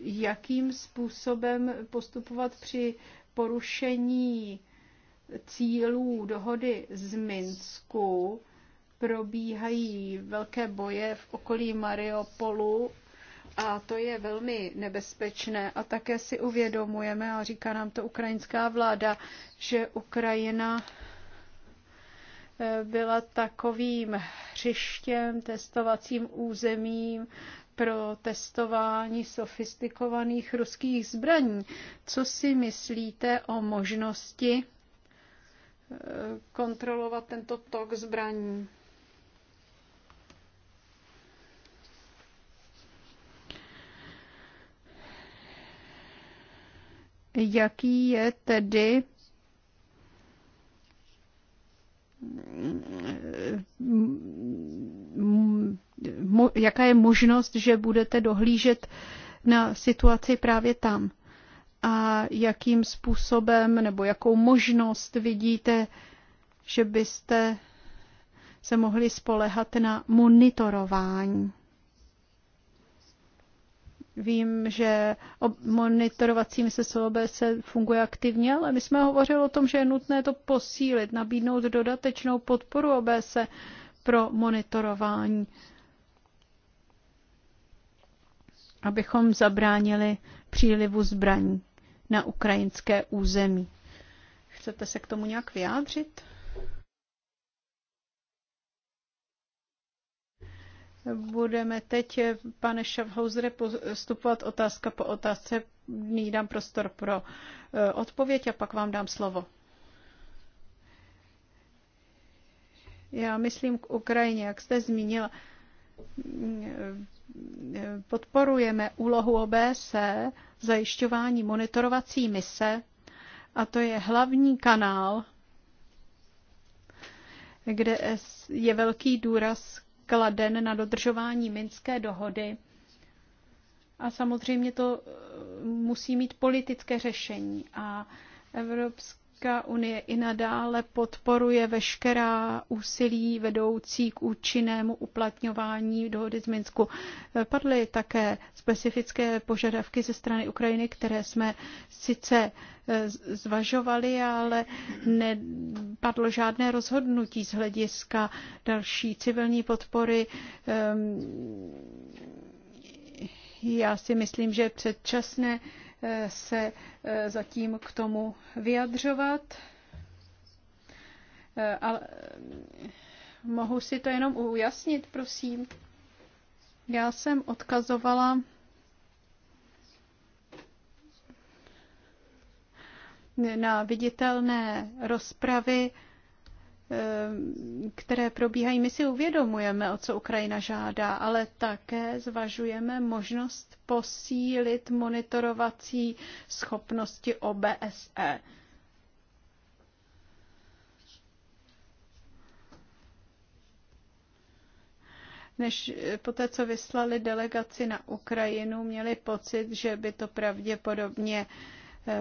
jakým způsobem postupovat při porušení cílů dohody z Minsku. Probíhají velké boje v okolí Mariupolu a to je velmi nebezpečné. A také si uvědomujeme, a říká nám to ukrajinská vláda, že Ukrajina byla takovým hřištěm, testovacím územím pro testování sofistikovaných ruských zbraní. Co si myslíte o možnosti eh, kontrolovat tento tok zbraní? Jaký je tedy jaká je možnost, že budete dohlížet na situaci právě tam a jakým způsobem nebo jakou možnost vidíte, že byste se mohli spolehat na monitorování. Vím, že monitorovací mise SOBS funguje aktivně, ale my jsme hovořili o tom, že je nutné to posílit, nabídnout dodatečnou podporu OBS pro monitorování, abychom zabránili přílivu zbraní na ukrajinské území. Chcete se k tomu nějak vyjádřit? Budeme teď, pane Schaffhausere, postupovat otázka po otázce. Nyní dám prostor pro eh, odpověď a pak vám dám slovo. Já myslím k Ukrajině, jak jste zmínila, eh, podporujeme úlohu OBSE zajišťování monitorovací mise a to je hlavní kanál, kde je velký důraz kladen na dodržování Minské dohody. A samozřejmě to eh, musí mít politické řešení. A Evropská Evropská unie i nadále podporuje veškerá úsilí vedoucí k účinnému uplatňování dohody z Minsku. Padly také specifické požadavky ze strany Ukrajiny, které jsme sice e, zvažovali, ale nepadlo žádné rozhodnutí z hlediska další civilní podpory ehm, já si myslím, že předčasné Eh, se eh, zatím k tomu vyjadřovat, eh, ale mohu si to jenom ujasnit, prosím. Já jsem odkazovala na viditelné rozpravy Eh, které probíhají. My si uvědomujeme, o co Ukrajina žádá, ale také zvažujeme možnost posílit monitorovací schopnosti OBSE. než eh, poté, co vyslali delegaci na Ukrajinu, měli pocit, že by to pravděpodobně eh,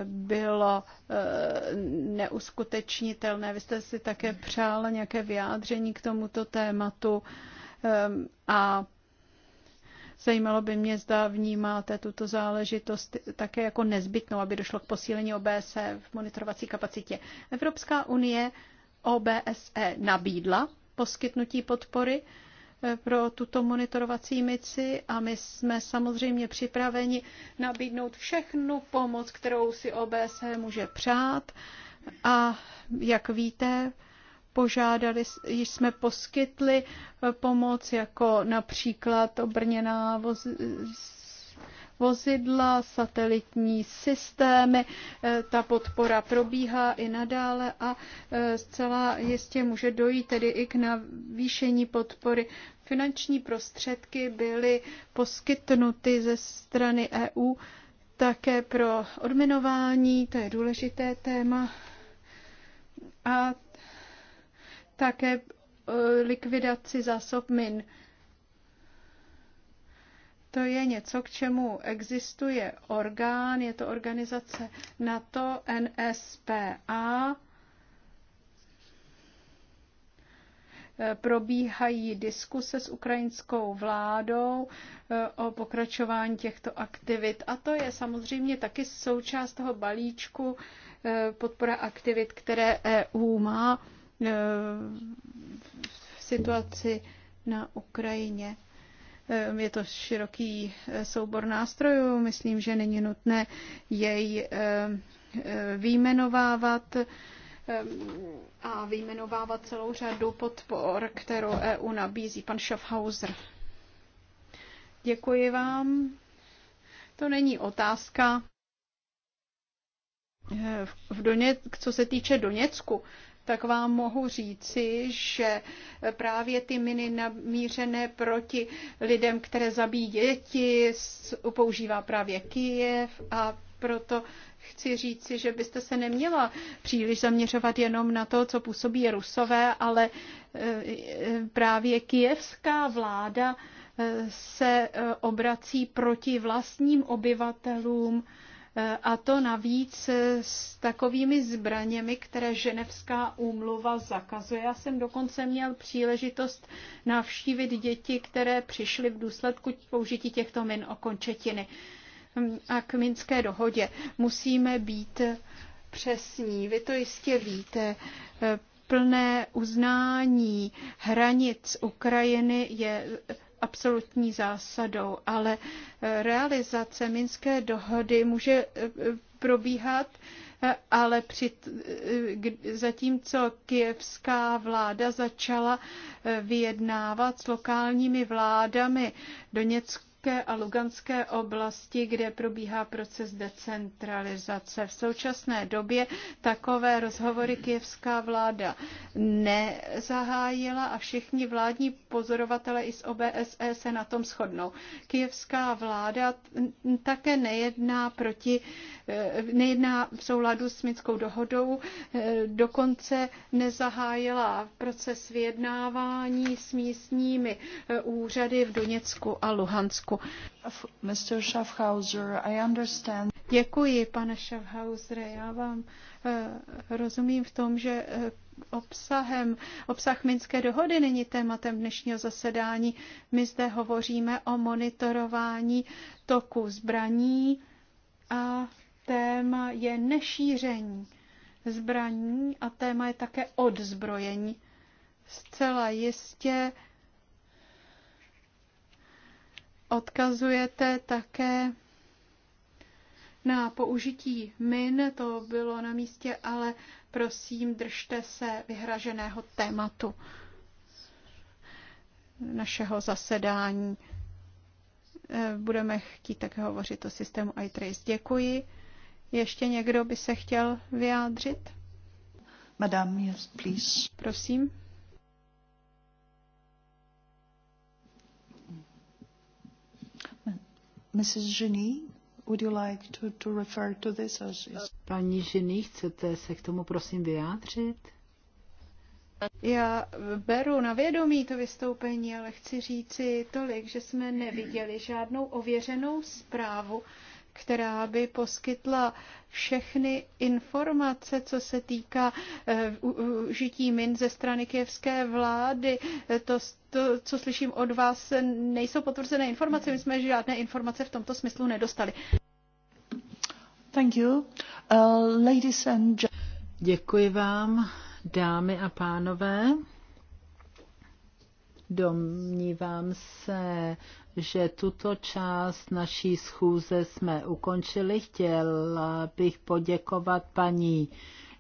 bylo eh, neuskutečnitelné. Vy jste si také přála nějaké vyjádření k tomuto tématu ehm, a Zajímalo by mě, zda vnímáte tuto záležitost také jako nezbytnou, aby došlo k posílení OBSE v monitorovací kapacitě. Evropská unie OBSE nabídla poskytnutí podpory pro tuto monitorovací misi a my jsme samozřejmě připraveni nabídnout všechnu pomoc, kterou si OBSE může přát. A jak víte, požádali, již jsme poskytli eh, pomoc, jako například obrněná voz, vozidla, satelitní systémy. Eh, ta podpora probíhá i nadále a eh, zcela jistě může dojít tedy i k navýšení podpory finanční prostředky byly poskytnuty ze strany EU také pro odminování, to je důležité téma, a také e, likvidaci zásob min. To je něco, k čemu existuje orgán, je to organizace NATO NSPA, Probíhají diskuse s ukrajinskou vládou eh, o pokračování těchto aktivit a to je samozřejmě taky součást toho balíčku eh, podpora aktivit, které EU má eh, v situaci na Ukrajině. Je to široký soubor nástrojů, myslím, že není nutné jej výjmenovávat. Ehm, a vyjmenovávat celou řadu podpor, kterou EU nabízí. Pan Schaffhauser. Děkuji vám. To není otázka. Eh, v Doně, co se týče Doněcku, tak vám mohu říci, že právě ty miny namířené proti lidem, které zabíjí děti, používá právě Kijev a proto chci říci, že byste se neměla příliš zaměřovat jenom na to, co působí rusové, ale eh, eh, právě kijevská vláda eh, se obrací proti vlastním obyvatelům a to navíc s takovými zbraněmi, které Ženevská úmluva zakazuje. Já jsem dokonce měl příležitost navštívit děti, které přišly v důsledku použití těchto min o končetiny a k Minské dohodě. Musíme být přesní. Vy to jistě víte. Plné uznání hranic Ukrajiny je absolutní zásadou, ale realizace Minské dohody může probíhat, ale při, zatímco kievská vláda začala vyjednávat s lokálními vládami Doněcku, Donetské a Luganské oblasti, kde probíhá proces decentralizace. V současné době takové rozhovory kijevská vláda nezahájila a všichni vládní pozorovatele i z OBSE se na tom shodnou. Kijevská vláda také nejedná proti, e, nejedná v souladu s Minskou dohodou, e, dokonce nezahájila proces vyjednávání s místními e, úřady v Doněcku a Luhansku roku. Děkuji, pane Schaffhauser. Já vám uh, rozumím v tom, že uh, obsahem. Obsah Minské dohody není tématem dnešního zasedání. My zde hovoříme o monitorování toku zbraní a téma je nešíření zbraní a téma je také odzbrojení. Zcela jistě Odkazujete také na použití min, to bylo na místě, ale prosím, držte se vyhraženého tématu našeho zasedání. Eh, budeme chtít také hovořit o systému iTrace. Děkuji. Ještě někdo by se chtěl vyjádřit? Madame, yes, please. Prosím. Mrs. Jeanine, would you like to, to refer to this? As is... Paní Žiny, chcete se k tomu prosím vyjádřit? Já beru na vědomí to vystoupení, ale chci říci tolik, že jsme neviděli žádnou ověřenou zprávu, která by poskytla všechny informace, co se týká eh, užití min ze strany kjevské vlády. Eh, to, to, co slyším od vás, eh, nejsou potvrzené informace. My jsme žádné informace v tomto smyslu nedostali. Thank you. Uh, ladies and... Děkuji vám, dámy a pánové. Domnívám se, že tuto část naší schůze jsme ukončili. Chtěla bych poděkovat paní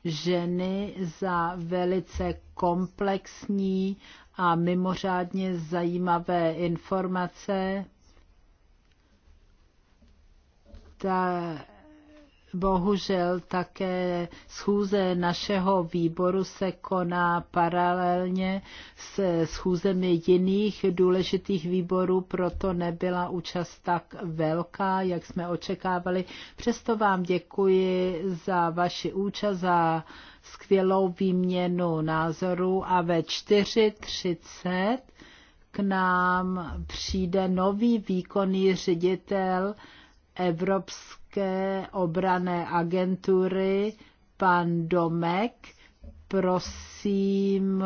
ženy za velice komplexní a mimořádně zajímavé informace. Ta bohužel také schůze našeho výboru se koná paralelně s schůzemi jiných důležitých výborů, proto nebyla účast tak velká, jak jsme očekávali. Přesto vám děkuji za vaši účast, za skvělou výměnu názorů a ve 4.30 k nám přijde nový výkonný ředitel Evropské Evropské obrané agentury, pan Domek. Prosím,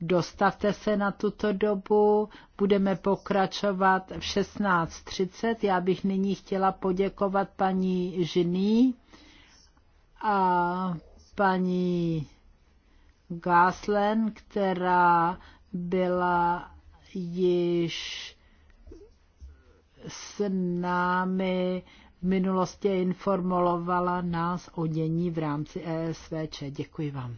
dostavte se na tuto dobu. Budeme pokračovat v 16.30. Já bych nyní chtěla poděkovat paní Žiný a paní Gáslen, která byla již s námi v minulosti informovala nás o dění v rámci ESVČ. Děkuji vám.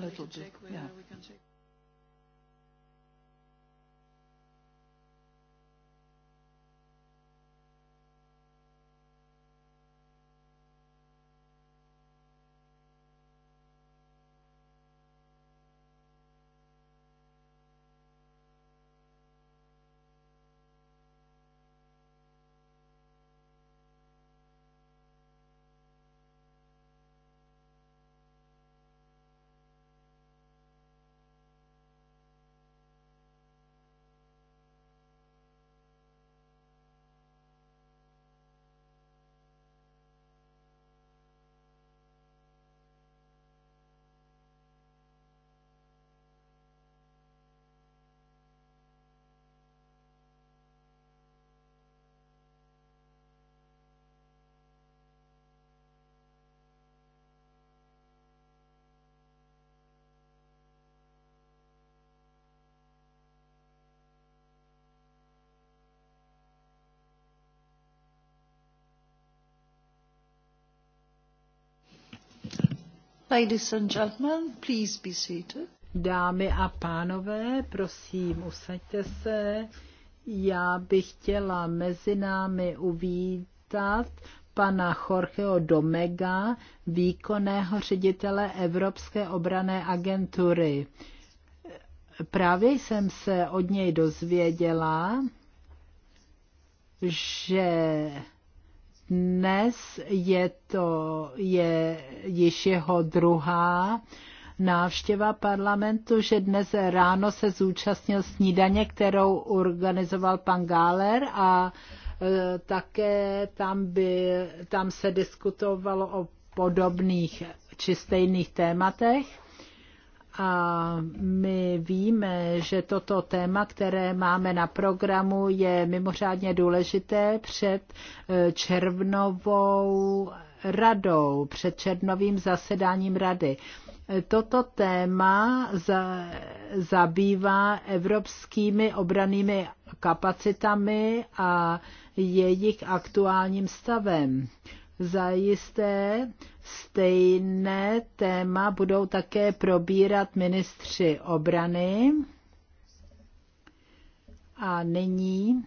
little bit. Yeah. Dámy a pánové, prosím, usaďte se. Já bych chtěla mezi námi uvítat pana Jorgeho Domega, výkonného ředitele Evropské obrané agentury. Právě jsem se od něj dozvěděla, že dnes je to je již jeho druhá návštěva parlamentu, že dnes ráno se zúčastnil snídaně, kterou organizoval pan Gáler a e, také tam, by, tam se diskutovalo o podobných či stejných tématech. A my víme, že toto téma, které máme na programu, je mimořádně důležité před eh, červnovou radou, před červnovým zasedáním rady. Toto téma za, zabývá evropskými obranými kapacitami a jejich aktuálním stavem. Zajisté stejné téma budou také probírat ministři obrany. A nyní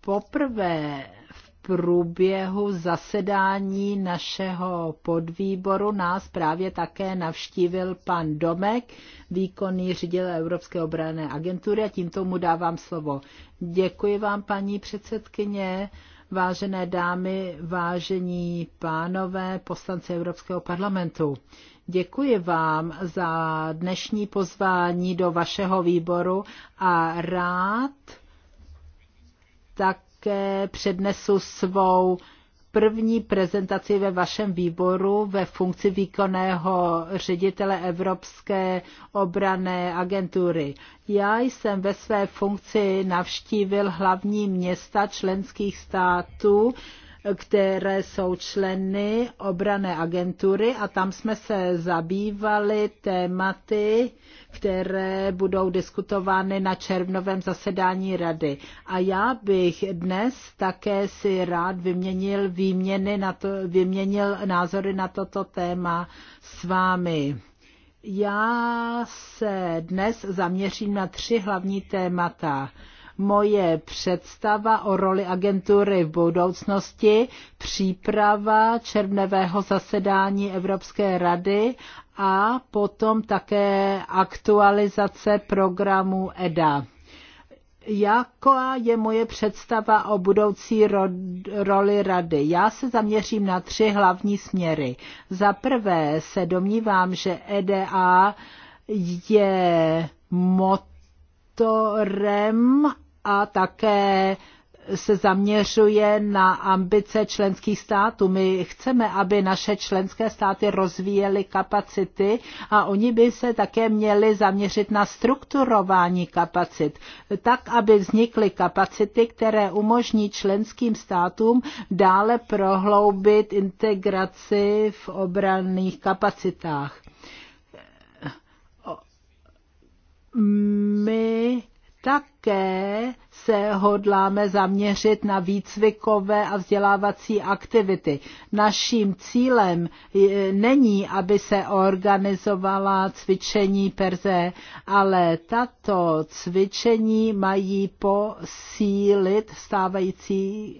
poprvé v průběhu zasedání našeho podvýboru nás právě také navštívil pan Domek, výkonný ředitel Evropské obrané agentury a tímto mu dávám slovo. Děkuji vám, paní předsedkyně vážené dámy, vážení pánové, poslanci Evropského parlamentu. Děkuji vám za dnešní pozvání do vašeho výboru a rád také přednesu svou první prezentaci ve vašem výboru ve funkci výkonného ředitele Evropské obrané agentury. Já jsem ve své funkci navštívil hlavní města členských států, které jsou členy obrané agentury a tam jsme se zabývali tématy, které budou diskutovány na červnovém zasedání rady. A já bych dnes také si rád vyměnil, výměny na to, vyměnil názory na toto téma s vámi. Já se dnes zaměřím na tři hlavní témata moje představa o roli agentury v budoucnosti, příprava červnového zasedání Evropské rady a potom také aktualizace programu EDA. Jaká je moje představa o budoucí ro- roli rady? Já se zaměřím na tři hlavní směry. Za prvé se domnívám, že EDA je motorem a také se zaměřuje na ambice členských států. My chceme, aby naše členské státy rozvíjely kapacity a oni by se také měli zaměřit na strukturování kapacit, tak, aby vznikly kapacity, které umožní členským státům dále prohloubit integraci v obranných kapacitách. My také se hodláme zaměřit na výcvikové a vzdělávací aktivity. Naším cílem není, aby se organizovala cvičení perze, ale tato cvičení mají posílit stávající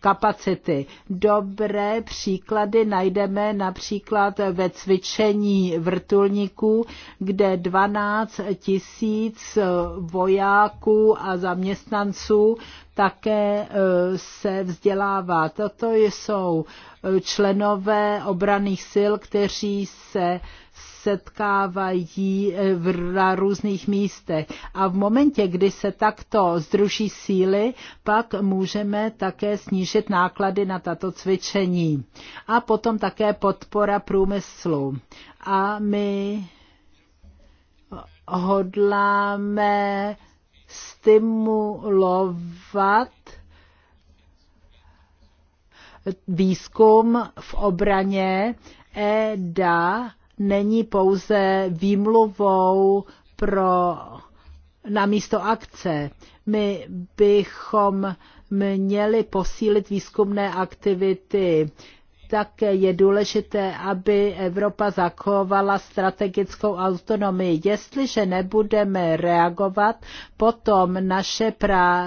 kapacity. Dobré příklady najdeme například ve cvičení vrtulníků, kde 12 tisíc vojáků a zaměstnanců také e, se vzdělává. Toto jsou e, členové obraných sil, kteří se setkávají eh, v, různých místech. A v momentě, kdy se takto združí síly, pak můžeme také snížit náklady na tato cvičení. A potom také podpora průmyslu. A my hodláme stimulovat výzkum v obraně EDA není pouze výmluvou pro na místo akce. My bychom měli posílit výzkumné aktivity. Také je důležité, aby Evropa zachovala strategickou autonomii. Jestliže nebudeme reagovat, potom naše pra...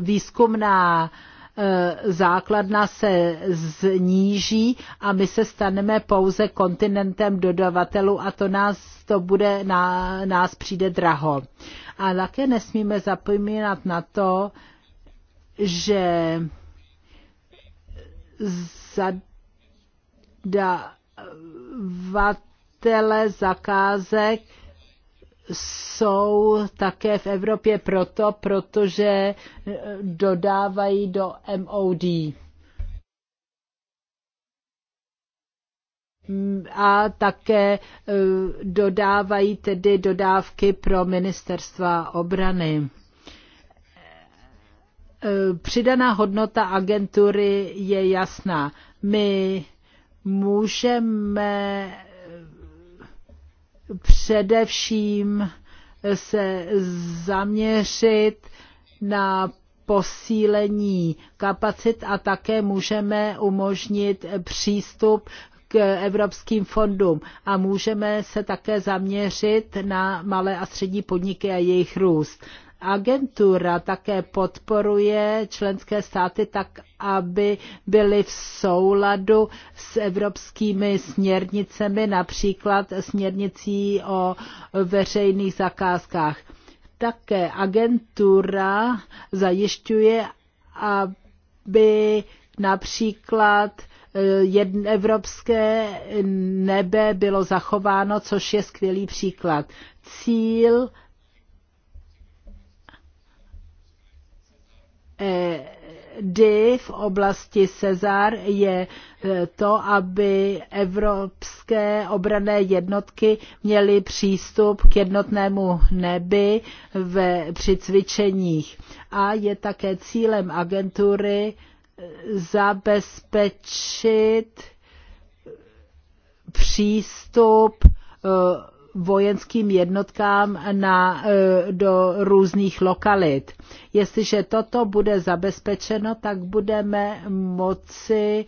výzkumná Eh, základna se zníží a my se staneme pouze kontinentem dodavatelů a to nás to bude na, nás přijde draho. A také nesmíme zapomínat na to, že zadavatele zakázek jsou také v Evropě proto, protože eh, dodávají do MOD. A také eh, dodávají tedy dodávky pro ministerstva obrany. Eh, přidaná hodnota agentury je jasná. My můžeme především se zaměřit na posílení kapacit a také můžeme umožnit přístup k evropským fondům a můžeme se také zaměřit na malé a střední podniky a jejich růst. Agentura také podporuje členské státy tak, aby byly v souladu s evropskými směrnicemi, například směrnicí o veřejných zakázkách. Také agentura zajišťuje, aby například eh, evropské nebe bylo zachováno, což je skvělý příklad. Cíl kdy v oblasti Cezar je e, to, aby evropské obrané jednotky měly přístup k jednotnému nebi ve, při cvičeních. A je také cílem agentury e, zabezpečit přístup e, vojenským jednotkám na, e, do různých lokalit. Jestliže toto bude zabezpečeno, tak budeme moci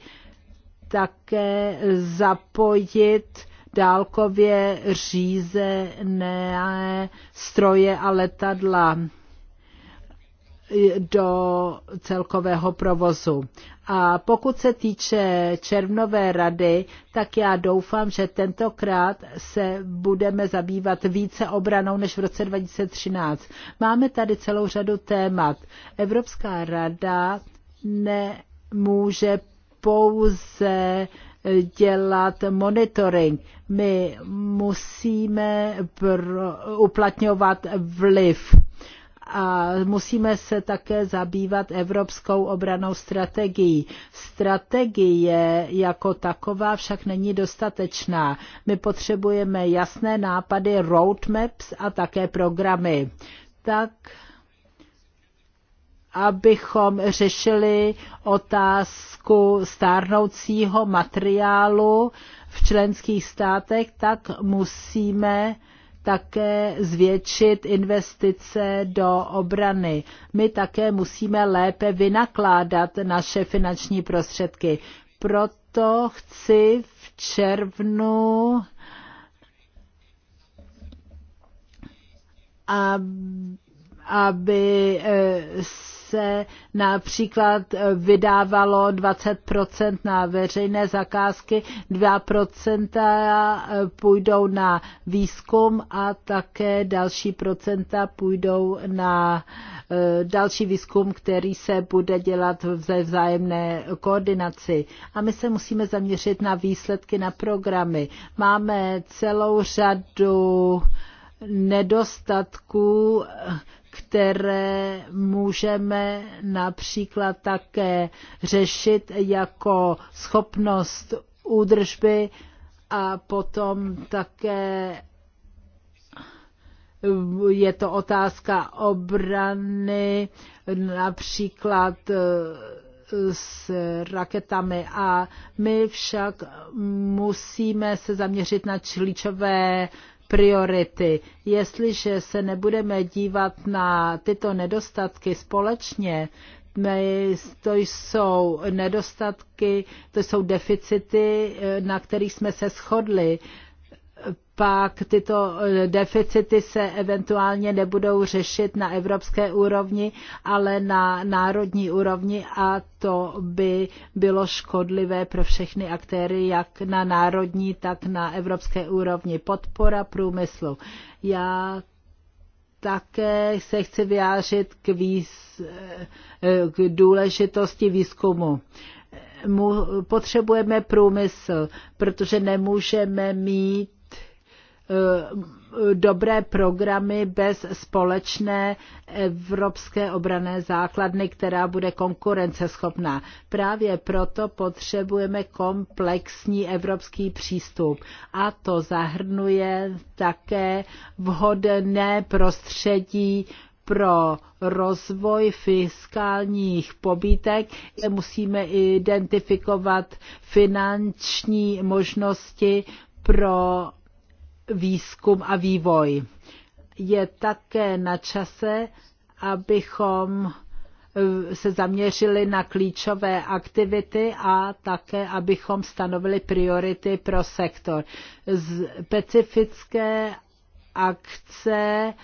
také zapojit dálkově řízené stroje a letadla do celkového provozu. A pokud se týče červnové rady, tak já doufám, že tentokrát se budeme zabývat více obranou než v roce 2013. Máme tady celou řadu témat. Evropská rada nemůže pouze dělat monitoring. My musíme uplatňovat vliv a musíme se také zabývat evropskou obranou strategií. Strategie jako taková však není dostatečná. My potřebujeme jasné nápady, roadmaps a také programy. Tak abychom řešili otázku stárnoucího materiálu v členských státech, tak musíme také zvětšit investice do obrany. My také musíme lépe vynakládat naše finanční prostředky. Proto chci v červnu aby se eh, se například eh, vydávalo 20% na veřejné zakázky, 2% eh, půjdou na výzkum a také další procenta půjdou na eh, další výzkum, který se bude dělat ve vzájemné koordinaci. A my se musíme zaměřit na výsledky, na programy. Máme celou řadu nedostatků, které můžeme například také řešit jako schopnost údržby a potom také je to otázka obrany, například eh, s raketami a my však musíme se zaměřit na klíčové priority. Jestliže se nebudeme dívat na tyto nedostatky společně, to jsou nedostatky, to jsou deficity, na kterých jsme se shodli pak tyto eh, deficity se eventuálně nebudou řešit na evropské úrovni, ale na národní úrovni a to by bylo škodlivé pro všechny aktéry, jak na národní, tak na evropské úrovni. Podpora průmyslu. Já také se chci vyjářit k, výz, eh, k důležitosti výzkumu potřebujeme průmysl, protože nemůžeme mít Eh, dobré programy bez společné evropské obrané základny, která bude konkurenceschopná. Právě proto potřebujeme komplexní evropský přístup a to zahrnuje také vhodné prostředí pro rozvoj fiskálních pobítek musíme identifikovat finanční možnosti pro výzkum a vývoj. Je také na čase, abychom eh, se zaměřili na klíčové aktivity a také, abychom stanovili priority pro sektor. Specifické akce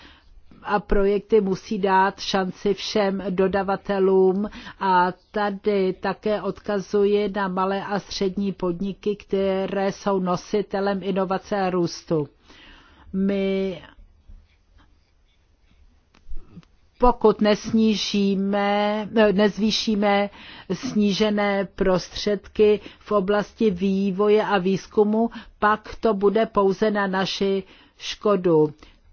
a projekty musí dát šanci všem dodavatelům a tady také odkazuji na malé a střední podniky, které jsou nositelem inovace a růstu. My pokud nesnížíme, nezvýšíme snížené prostředky v oblasti vývoje a výzkumu, pak to bude pouze na naši škodu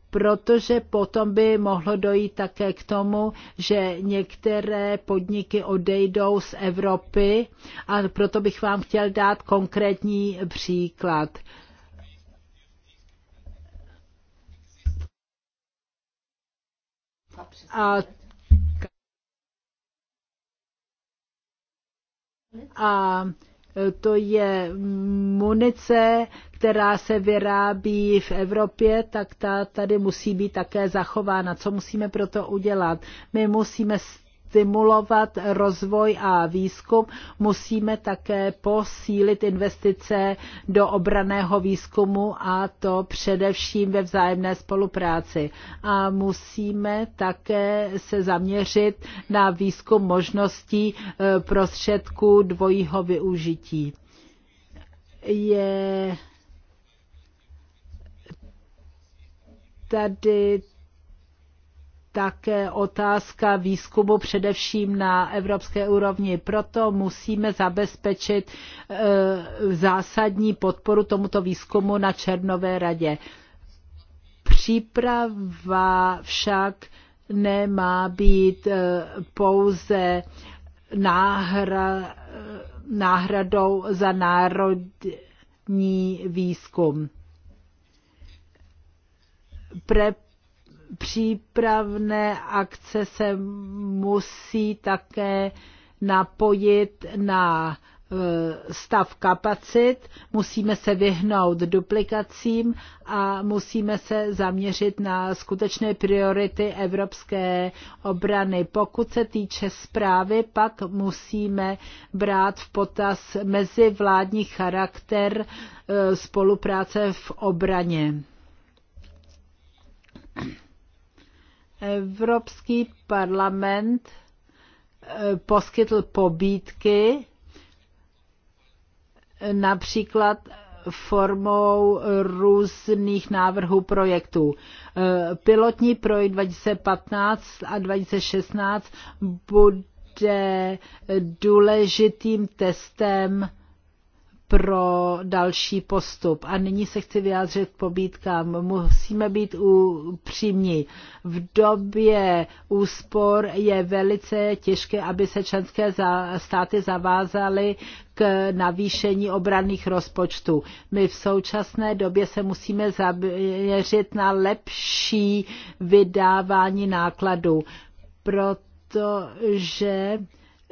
protože potom by mohlo dojít také k tomu, že některé podniky odejdou z Evropy a proto bych vám chtěl dát konkrétní příklad. A a to je munice, která se vyrábí v Evropě, tak ta tady musí být také zachována. Co musíme proto udělat? My musíme stimulovat rozvoj a výzkum, musíme také posílit investice do obraného výzkumu a to především ve vzájemné spolupráci. A musíme také se zaměřit na výzkum možností eh, prostředků dvojího využití. Je tady také otázka výzkumu především na evropské úrovni. Proto musíme zabezpečit eh, zásadní podporu tomuto výzkumu na Černové radě. Příprava však nemá být eh, pouze náhra, náhradou za národní výzkum. Pre, přípravné akce se musí také napojit na e, stav kapacit, musíme se vyhnout duplikacím a musíme se zaměřit na skutečné priority evropské obrany. Pokud se týče zprávy, pak musíme brát v potaz mezivládní charakter e, spolupráce v obraně. Evropský parlament eh, poskytl pobídky, eh, například formou různých návrhů projektů. Eh, pilotní projekt 2015 a 2016 bude důležitým testem pro další postup. A nyní se chci vyjádřit k pobítkám. Musíme být upřímní. V době úspor je velice těžké, aby se členské státy zavázaly k navýšení obranných rozpočtů. My v současné době se musíme zaměřit na lepší vydávání nákladů, protože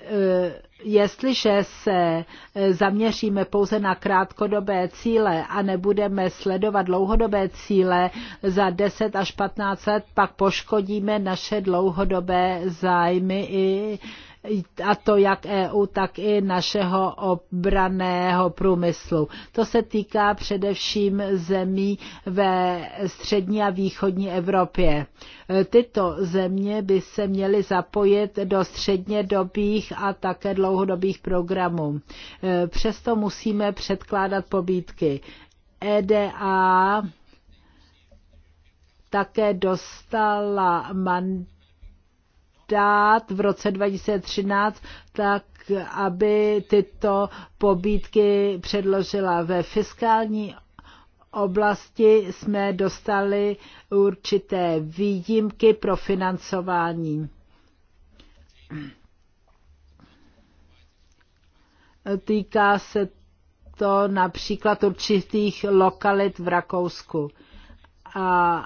Eh, jestliže se eh, zaměříme pouze na krátkodobé cíle a nebudeme sledovat dlouhodobé cíle za 10 až 15 let, pak poškodíme naše dlouhodobé zájmy i a to jak EU, tak i našeho obraného průmyslu. To se týká především zemí ve střední a východní Evropě. Tyto země by se měly zapojit do střednědobých a také dlouhodobých programů. Přesto musíme předkládat pobídky. EDA také dostala mandát dát v roce 2013, tak aby tyto pobídky předložila ve fiskální oblasti jsme dostali určité výjimky pro financování. Týká se to například určitých lokalit v Rakousku. A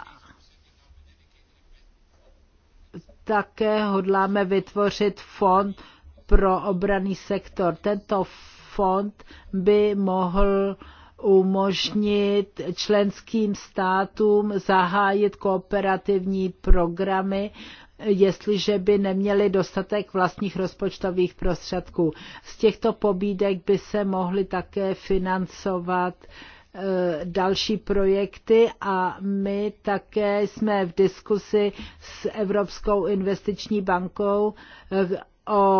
také hodláme vytvořit fond pro obraný sektor. Tento fond by mohl umožnit členským státům zahájit kooperativní programy, jestliže by neměli dostatek vlastních rozpočtových prostředků. Z těchto pobídek by se mohly také financovat uh, Eh, další projekty a my také jsme v diskusi s Evropskou investiční bankou eh, o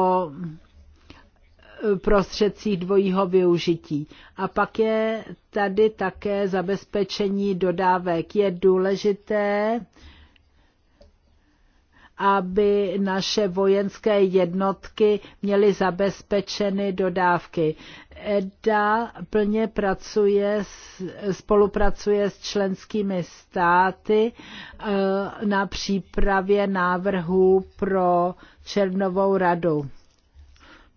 prostředcích dvojího využití. A pak je tady také zabezpečení dodávek. Je důležité, aby naše vojenské jednotky měly zabezpečeny dodávky. EDA plně pracuje, spolupracuje s členskými státy e, na přípravě návrhu pro Červnovou radu.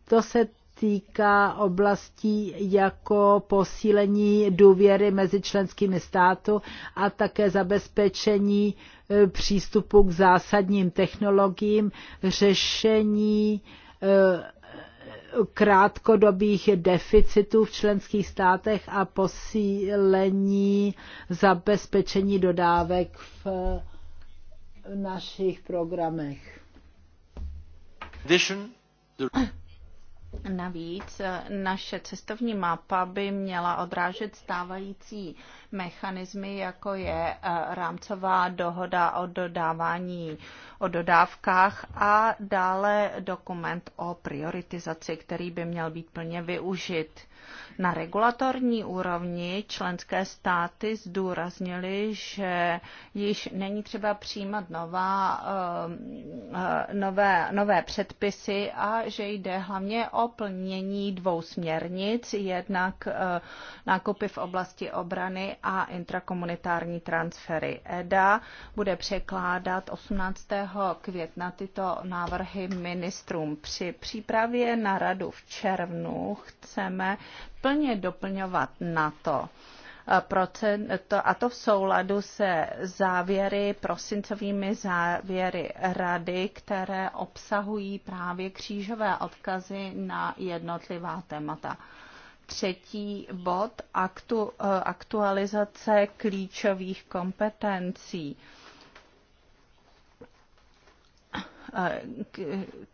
To se týká oblastí jako posílení důvěry mezi členskými státy a také zabezpečení e, přístupu k zásadním technologiím, řešení e, krátkodobých deficitů v členských státech a posílení zabezpečení dodávek v našich programech. Ah. Navíc eh, naše cestovní mapa by měla odrážet stávající mechanismy, jako je eh, rámcová dohoda o dodávání, o dodávkách a dále dokument o prioritizaci, který by měl být plně využit. Na regulatorní úrovni členské státy zdůraznily, že již není třeba přijímat nová, eh, eh, nové, nové předpisy a že jde hlavně o plnění dvou směrnic, jednak eh, nákupy v oblasti obrany a intrakomunitární transfery. EDA bude překládat 18. května tyto návrhy ministrům. Při přípravě na radu v červnu chceme plně doplňovat na eh, to a to v souladu se závěry, prosincovými závěry rady, které obsahují právě křížové odkazy na jednotlivá témata. Třetí bod aktu, eh, aktualizace klíčových kompetencí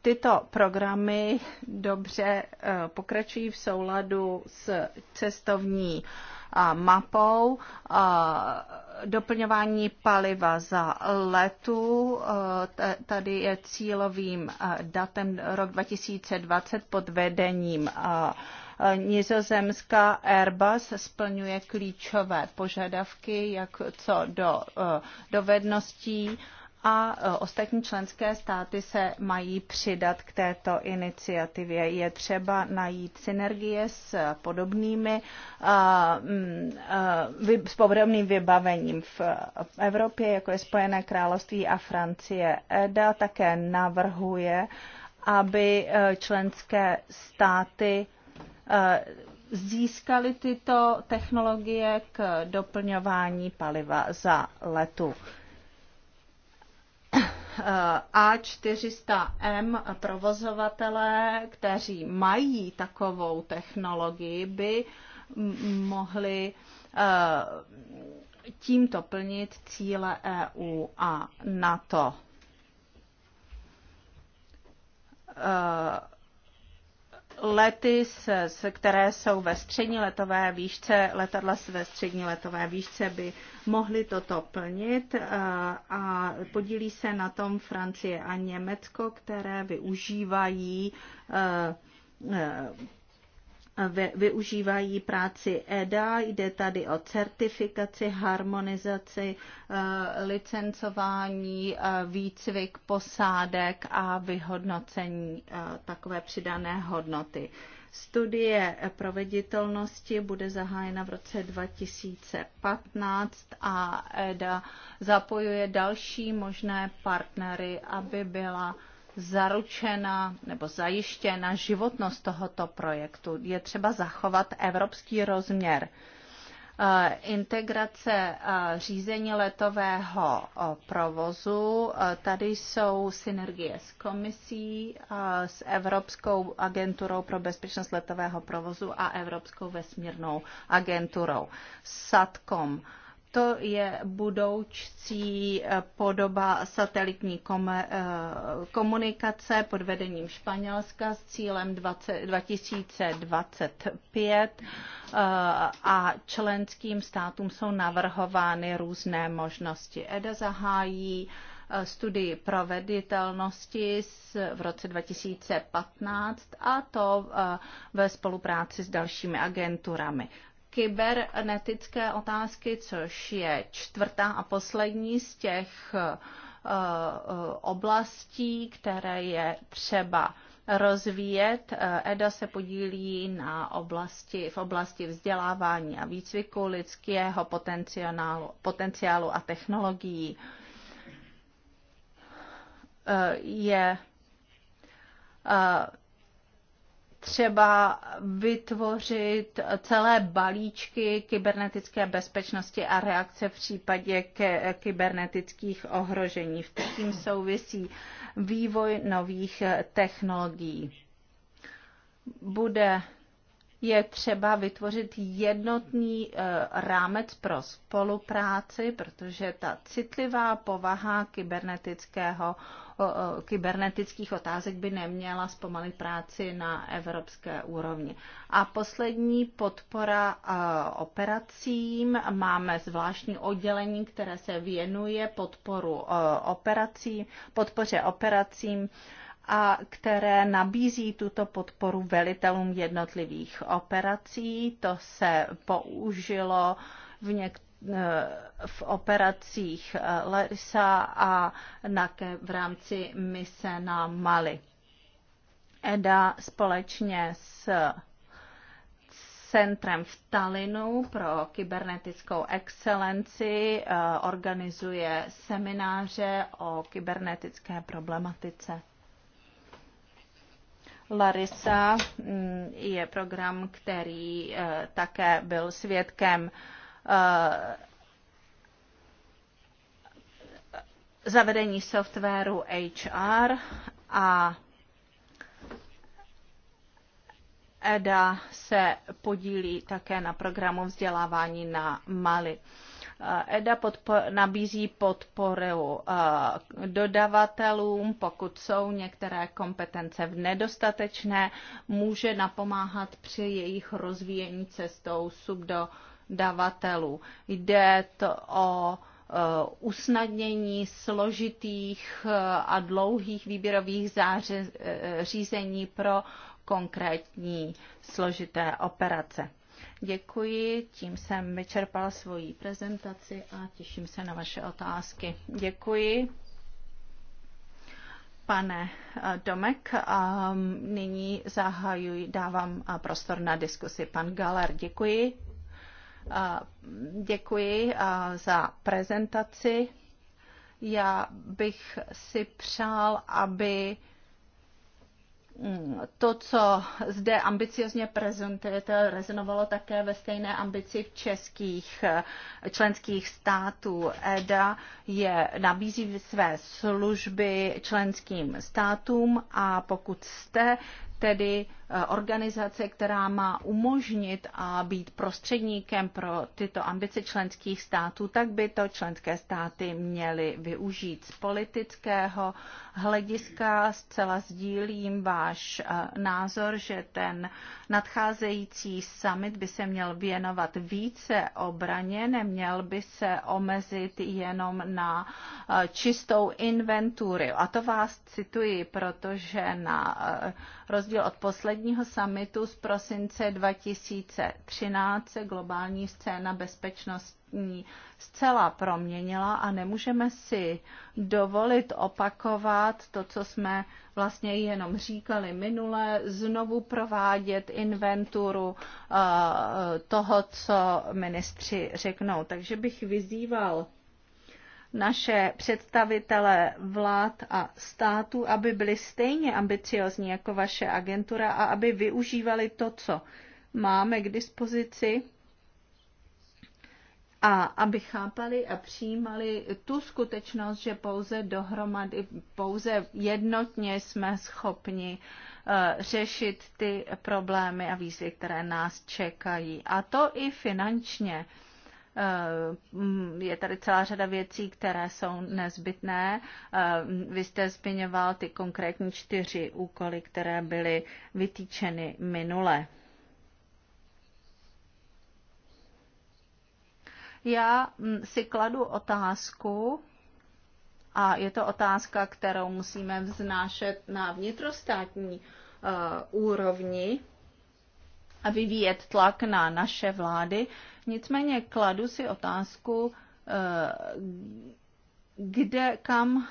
Tyto programy dobře eh, pokračují v souladu s cestovní eh, mapou eh, doplňování paliva za letu. Tady je cílovým datem rok 2020 pod vedením Nizozemská Airbus splňuje klíčové požadavky, jak co do dovedností a e, ostatní členské státy se mají přidat k této iniciativě. Je třeba najít synergie s podobnými e, e, s podobným vybavením v Evropě, jako je Spojené království a Francie. EDA také navrhuje, aby členské státy získali tyto technologie k doplňování paliva za letu. A400M provozovatelé, kteří mají takovou technologii, by mohli eh, tímto plnit cíle EU a NATO. Eh, lety, které jsou ve střední letové výšce, letadla ve střední letové výšce by mohly toto plnit eh, a podílí se na tom Francie a Německo, které využívají eh, eh, využívají práci EDA, jde tady o certifikaci, harmonizaci, licencování, výcvik posádek a vyhodnocení takové přidané hodnoty. Studie proveditelnosti bude zahájena v roce 2015 a EDA zapojuje další možné partnery, aby byla zaručena nebo zajištěna životnost tohoto projektu. Je třeba zachovat evropský rozměr. Eh, integrace eh, řízení letového eh, provozu. Tady jsou synergie s komisí, s Evropskou agenturou pro bezpečnost letového provozu a Evropskou vesmírnou agenturou. SATCOM to je budoucí eh, podoba satelitní eh, komunikace pod vedením Španělska s cílem 2025 eh, a členským státům jsou navrhovány různé možnosti. EDA zahájí studii proveditelnosti v roce 2015 a to ve spolupráci s dalšími agenturami kybernetické otázky, což je čtvrtá a poslední z těch eh, eh, oblastí, které je třeba rozvíjet. Eh, EDA se podílí na oblasti, v oblasti vzdělávání a výcviku lidského potenciálu, potenciálu a technologií. Je třeba vytvořit celé balíčky kybernetické bezpečnosti a reakce v případě ke kybernetických ohrožení. V tím souvisí vývoj nových technologií. Bude je třeba vytvořit jednotný eh, rámec pro spolupráci, protože ta citlivá povaha kybernetického kybernetických otázek by neměla zpomalit práci na evropské úrovni. A poslední podpora e, operacím. Máme zvláštní oddělení, které se věnuje podporu e, operacím, podpoře operacím a které nabízí tuto podporu velitelům jednotlivých operací. To se použilo v něk- Eh, v operacích eh, Larisa a také v rámci mise na Mali. EDA společně s centrem v Talinu pro kybernetickou excelenci eh, organizuje semináře o kybernetické problematice. Larisa mm, je program, který také byl svědkem Eh, zavedení softwaru HR a EDA se podílí také na programu vzdělávání na Mali. EDA eh, e podpor, nabízí podporu eh, dodavatelům, pokud jsou některé kompetence v nedostatečné, může napomáhat při jejich rozvíjení cestou subdo zadavatelů. Jde to o e, usnadnění složitých e, a dlouhých výběrových záře, e, řízení pro konkrétní složité operace. Děkuji, tím jsem vyčerpala svoji prezentaci a těším se na vaše otázky. Děkuji. Pane Domek, a nyní zahajuji, dávám prostor na diskusi. Pan Galer, děkuji. Děkuji za prezentaci. Já bych si přál, aby mm, to, co zde ambiciozně prezentujete, rezonovalo také ve stejné ambici v českých e, členských států. EDA je, nabízí své služby členským státům a pokud jste tedy Eh, organizace, která má umožnit a být prostředníkem pro tyto ambice členských států, tak by to členské státy měly využít z politického hlediska. Zcela sdílím váš eh, názor, že ten nadcházející summit by se měl věnovat více obraně, neměl by se omezit jenom na eh, čistou inventuru. A to vás cituji, protože na rozdíl od poslední posledního summitu z prosince 2013 globální scéna bezpečnostní zcela proměnila a nemůžeme si dovolit opakovat to, co jsme vlastně jenom říkali minule, znovu provádět inventuru eh, toho, co ministři řeknou. Takže bych vyzýval naše představitele vlád a států, aby byli stejně ambiciozní jako vaše agentura a aby využívali to, co máme k dispozici a aby chápali a přijímali tu skutečnost, že pouze dohromady, pouze jednotně jsme schopni eh, řešit ty problémy a výzvy, které nás čekají. A to i finančně Eh, mm, je tady celá řada věcí, které jsou nezbytné. Eh, vy jste zmiňoval ty konkrétní čtyři úkoly, které byly vytýčeny minule. Já mm, si kladu otázku, a je to otázka, kterou musíme vznášet na vnitrostátní eh, úrovni, a vyvíjet tlak na naše vlády. Nicméně kladu si otázku, eh, kde, kam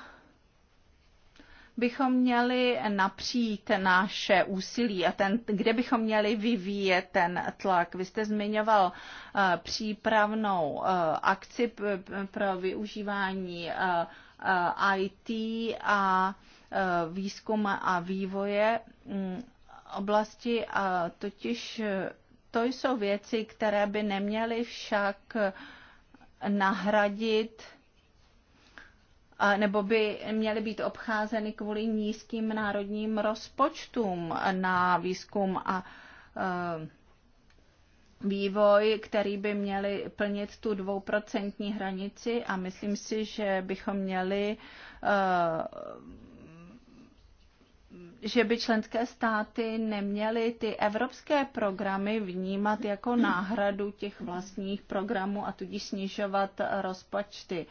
bychom měli napřít naše úsilí a ten, kde bychom měli vyvíjet ten tlak. Vy jste zmiňoval uh, přípravnou uh, akci pro využívání uh, uh, IT a uh, výzkum a vývoje. Mm, oblasti a totiž eh, to jsou věci, které by neměly však eh, nahradit nebo by měly být obcházeny kvůli nízkým národním rozpočtům na výzkum a eh, vývoj, který by měli plnit tu dvouprocentní hranici a myslím si, že bychom měli že by členské státy neměly ty evropské programy vnímat jako náhradu těch vlastních programů a tudíž snižovat rozpočty.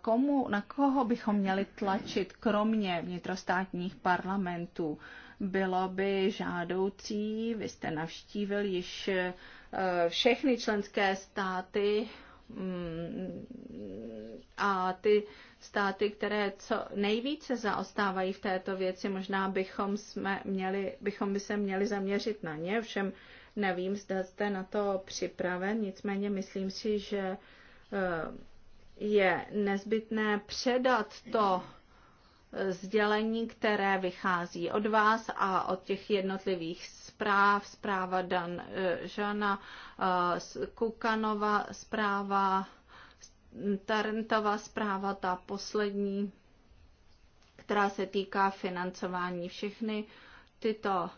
Komu, na koho bychom měli tlačit, kromě vnitrostátních parlamentů? Bylo by žádoucí, vy jste navštívil již eh, všechny členské státy mm, a ty státy, které co nejvíce zaostávají v této věci. Možná bychom, jsme měli, bychom by se měli zaměřit na ně, všem nevím, zda jste na to připraven, nicméně myslím si, že eh, je nezbytné předat to eh, sdělení, které vychází od vás a od těch jednotlivých zpráv, zpráva Dan eh, Žana, Kukanova zpráva, ta rentová zpráva, ta poslední, která se týká financování, všechny tyto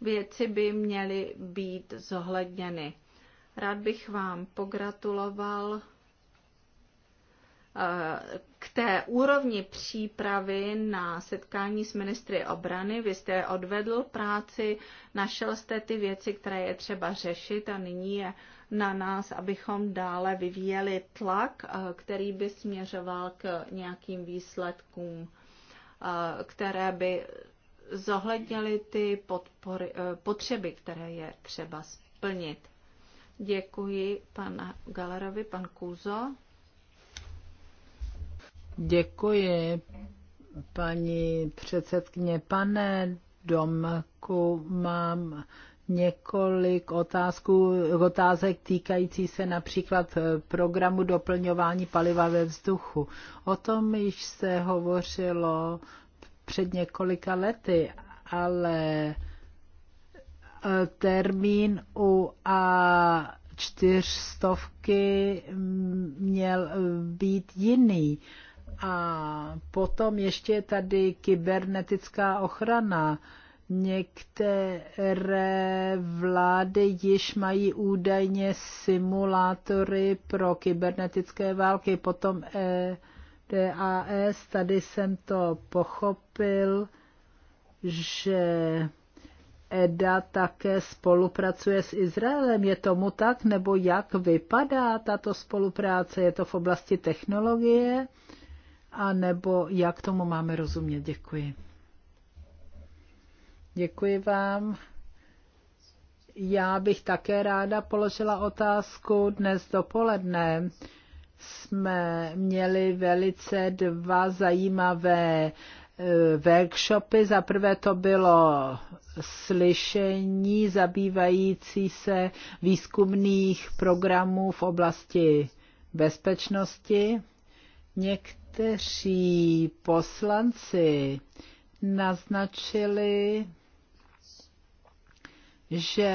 věci by měly být zohledněny. Rád bych vám pogratuloval eh, té úrovni přípravy na setkání s ministry obrany. Vy jste odvedl práci, našel jste ty věci, které je třeba řešit a nyní je na nás, abychom dále vyvíjeli tlak, eh, který by směřoval k nějakým výsledkům, eh, které by zohlednily ty podpory, eh, potřeby, které je třeba splnit. Děkuji pana Galerovi, pan Kůzo. Děkuji, paní předsedkyně. Pane Domku, mám několik otázků, otázek týkající se například programu doplňování paliva ve vzduchu. O tom již se hovořilo před několika lety, ale eh, termín u a čtyřstovky měl být jiný. A potom ještě je tady kybernetická ochrana. Některé vlády již mají údajně simulátory pro kybernetické války, potom e DAS, tady jsem to pochopil, že EDA také spolupracuje s Izraelem. Je tomu tak, nebo jak vypadá tato spolupráce? Je to v oblasti technologie? a nebo jak tomu máme rozumět. Děkuji. Děkuji vám. Já bych také ráda položila otázku dnes dopoledne jsme měli velice dva zajímavé eh, workshopy. Za prvé to bylo slyšení zabývající se výzkumných programů v oblasti bezpečnosti. Někteří Někteří poslanci naznačili, že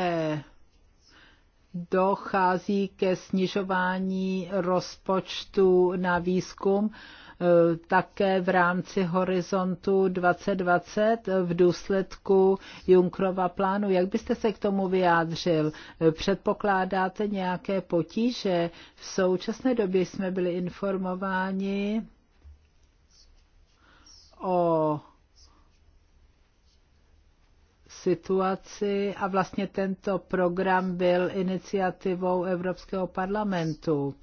dochází ke snižování rozpočtu na výzkum e, také v rámci horizontu 2020 v důsledku Junkrova plánu. Jak byste se k tomu vyjádřil? E, předpokládáte nějaké potíže? V současné době jsme byli informováni, o situaci a vlastně tento program byl iniciativou Evropského parlamentu.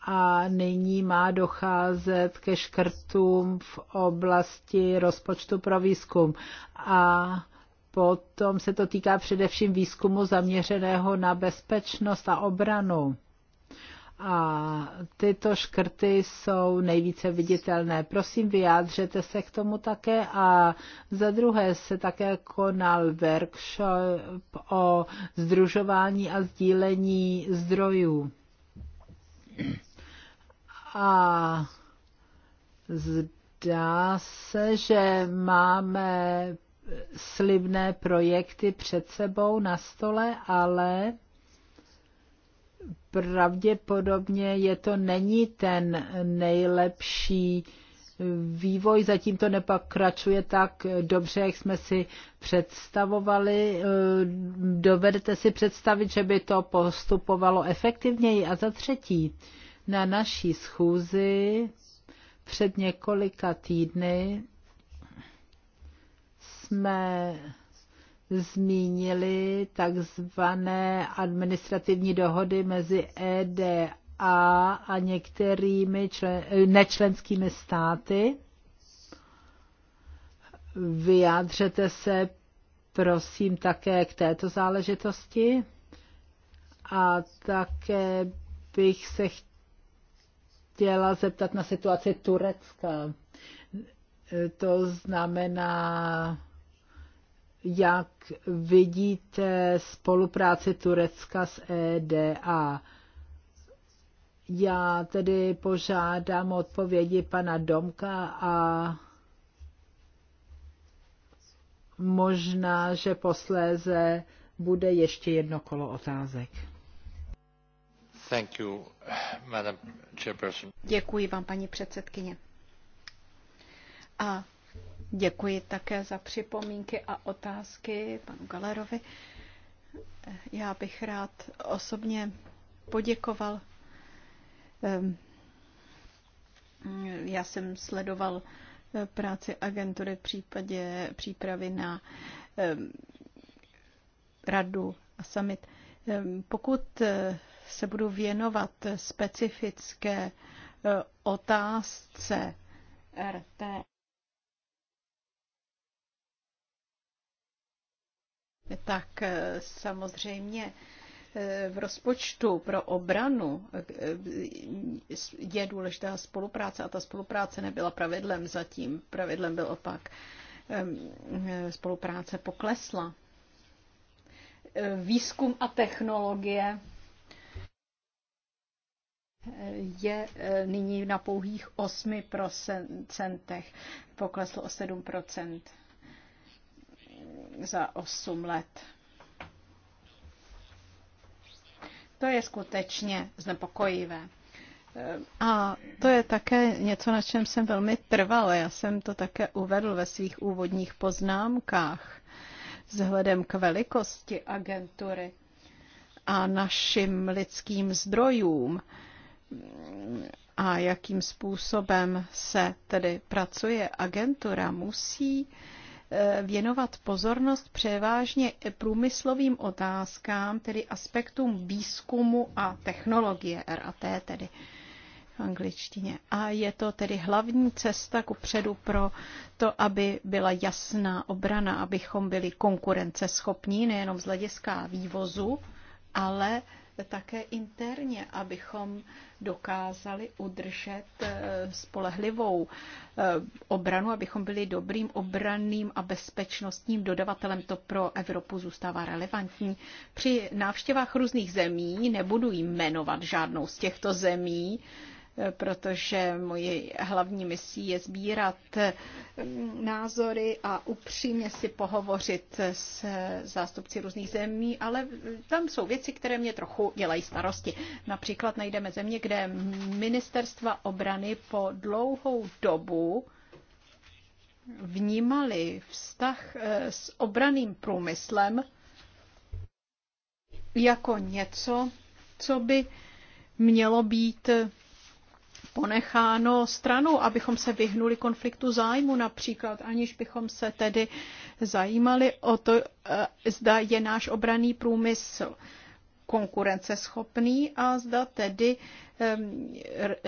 A nyní má docházet ke škrtům v oblasti rozpočtu pro výzkum. A potom se to týká především výzkumu zaměřeného na bezpečnost a obranu. A tyto škrty jsou nejvíce viditelné. Prosím, vyjádřete se k tomu také. A za druhé se také konal workshop o združování a sdílení zdrojů. A zdá se, že máme slibné projekty před sebou na stole, ale pravděpodobně je to není ten nejlepší vývoj, zatím to nepokračuje tak dobře, jak jsme si představovali. Dovedete si představit, že by to postupovalo efektivněji? A za třetí, na naší schůzi před několika týdny jsme zmínili takzvané administrativní dohody mezi EDA a některými člen, nečlenskými státy. Vyjádřete se prosím také k této záležitosti. A také bych se chtěla zeptat na situaci Turecka. To znamená jak vidíte spolupráci Turecka s EDA. Já tedy požádám odpovědi pana Domka a možná, že posléze bude ještě jedno kolo otázek. Thank you, Madam Chairperson. Děkuji vám, paní předsedkyně. A Děkuji také za připomínky a otázky panu Galerovi. Já bych rád osobně poděkoval. Ehm, já jsem sledoval eh, práci agentury v případě přípravy na ehm, radu a summit. Ehm, pokud eh, se budu věnovat specifické eh, otázce RT, tak eh, samozřejmě eh, v rozpočtu pro obranu eh, je důležitá spolupráce a ta spolupráce nebyla pravidlem zatím. Pravidlem byl opak. Spolupráce poklesla. Výzkum a technologie je nyní na pouhých 8%, pokleslo o 7% za 8 let. To je skutečně znepokojivé. A to je také něco, na čem jsem velmi trval. Já jsem to také uvedl ve svých úvodních poznámkách vzhledem k velikosti agentury a našim lidským zdrojům a jakým způsobem se tedy pracuje agentura, musí Eh, věnovat pozornost převážně průmyslovým otázkám, tedy aspektům výzkumu a technologie, RAT tedy v angličtině. A je to tedy hlavní cesta ku předu pro to, aby byla jasná obrana, abychom byli konkurenceschopní nejenom z hlediska vývozu, ale také interně, abychom dokázali udržet eh, spolehlivou eh, obranu, abychom byli dobrým obranným a bezpečnostním dodavatelem. To pro Evropu zůstává relevantní. Při návštěvách různých zemí, nebudu jmenovat žádnou z těchto zemí, protože moje hlavní misí je sbírat eh, názory a upřímně si pohovořit s zástupci různých zemí, ale tam jsou věci, které mě trochu dělají starosti. Například najdeme země, kde ministerstva obrany po dlouhou dobu vnímali vztah eh, s obraným průmyslem jako něco, co by mělo být ponecháno stranou, abychom se vyhnuli konfliktu zájmu například, aniž bychom se tedy zajímali o to, eh, zda je náš obraný průmysl konkurenceschopný a zda tedy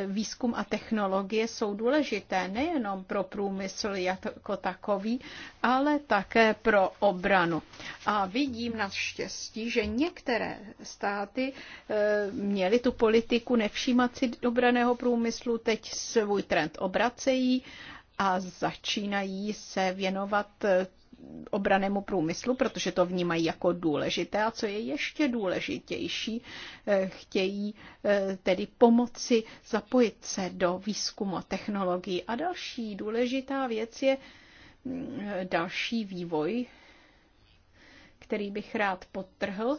výzkum a technologie jsou důležité nejenom pro průmysl jako takový, ale také pro obranu. A vidím naštěstí, že některé státy měly tu politiku nevšímat si obraného průmyslu, teď svůj trend obracejí a začínají se věnovat obranému průmyslu, protože to vnímají jako důležité. A co je ještě důležitější, eh, chtějí eh, tedy pomoci zapojit se do výzkumu a technologií. A další důležitá věc je mm, eh, další vývoj, který bych rád podtrhl,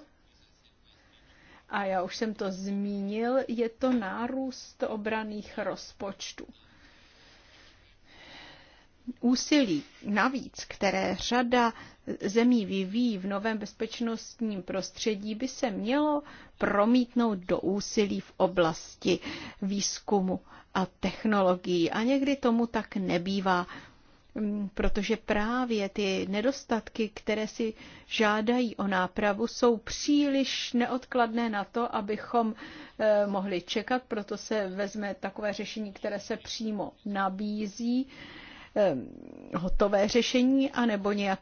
a já už jsem to zmínil, je to nárůst obraných rozpočtů úsilí navíc, které řada zemí vyvíjí v novém bezpečnostním prostředí, by se mělo promítnout do úsilí v oblasti výzkumu a technologií. A někdy tomu tak nebývá, mm, protože právě ty nedostatky, které si žádají o nápravu, jsou příliš neodkladné na to, abychom eh, mohli čekat, proto se vezme takové řešení, které se přímo nabízí Ehm, hotové řešení, anebo nějaká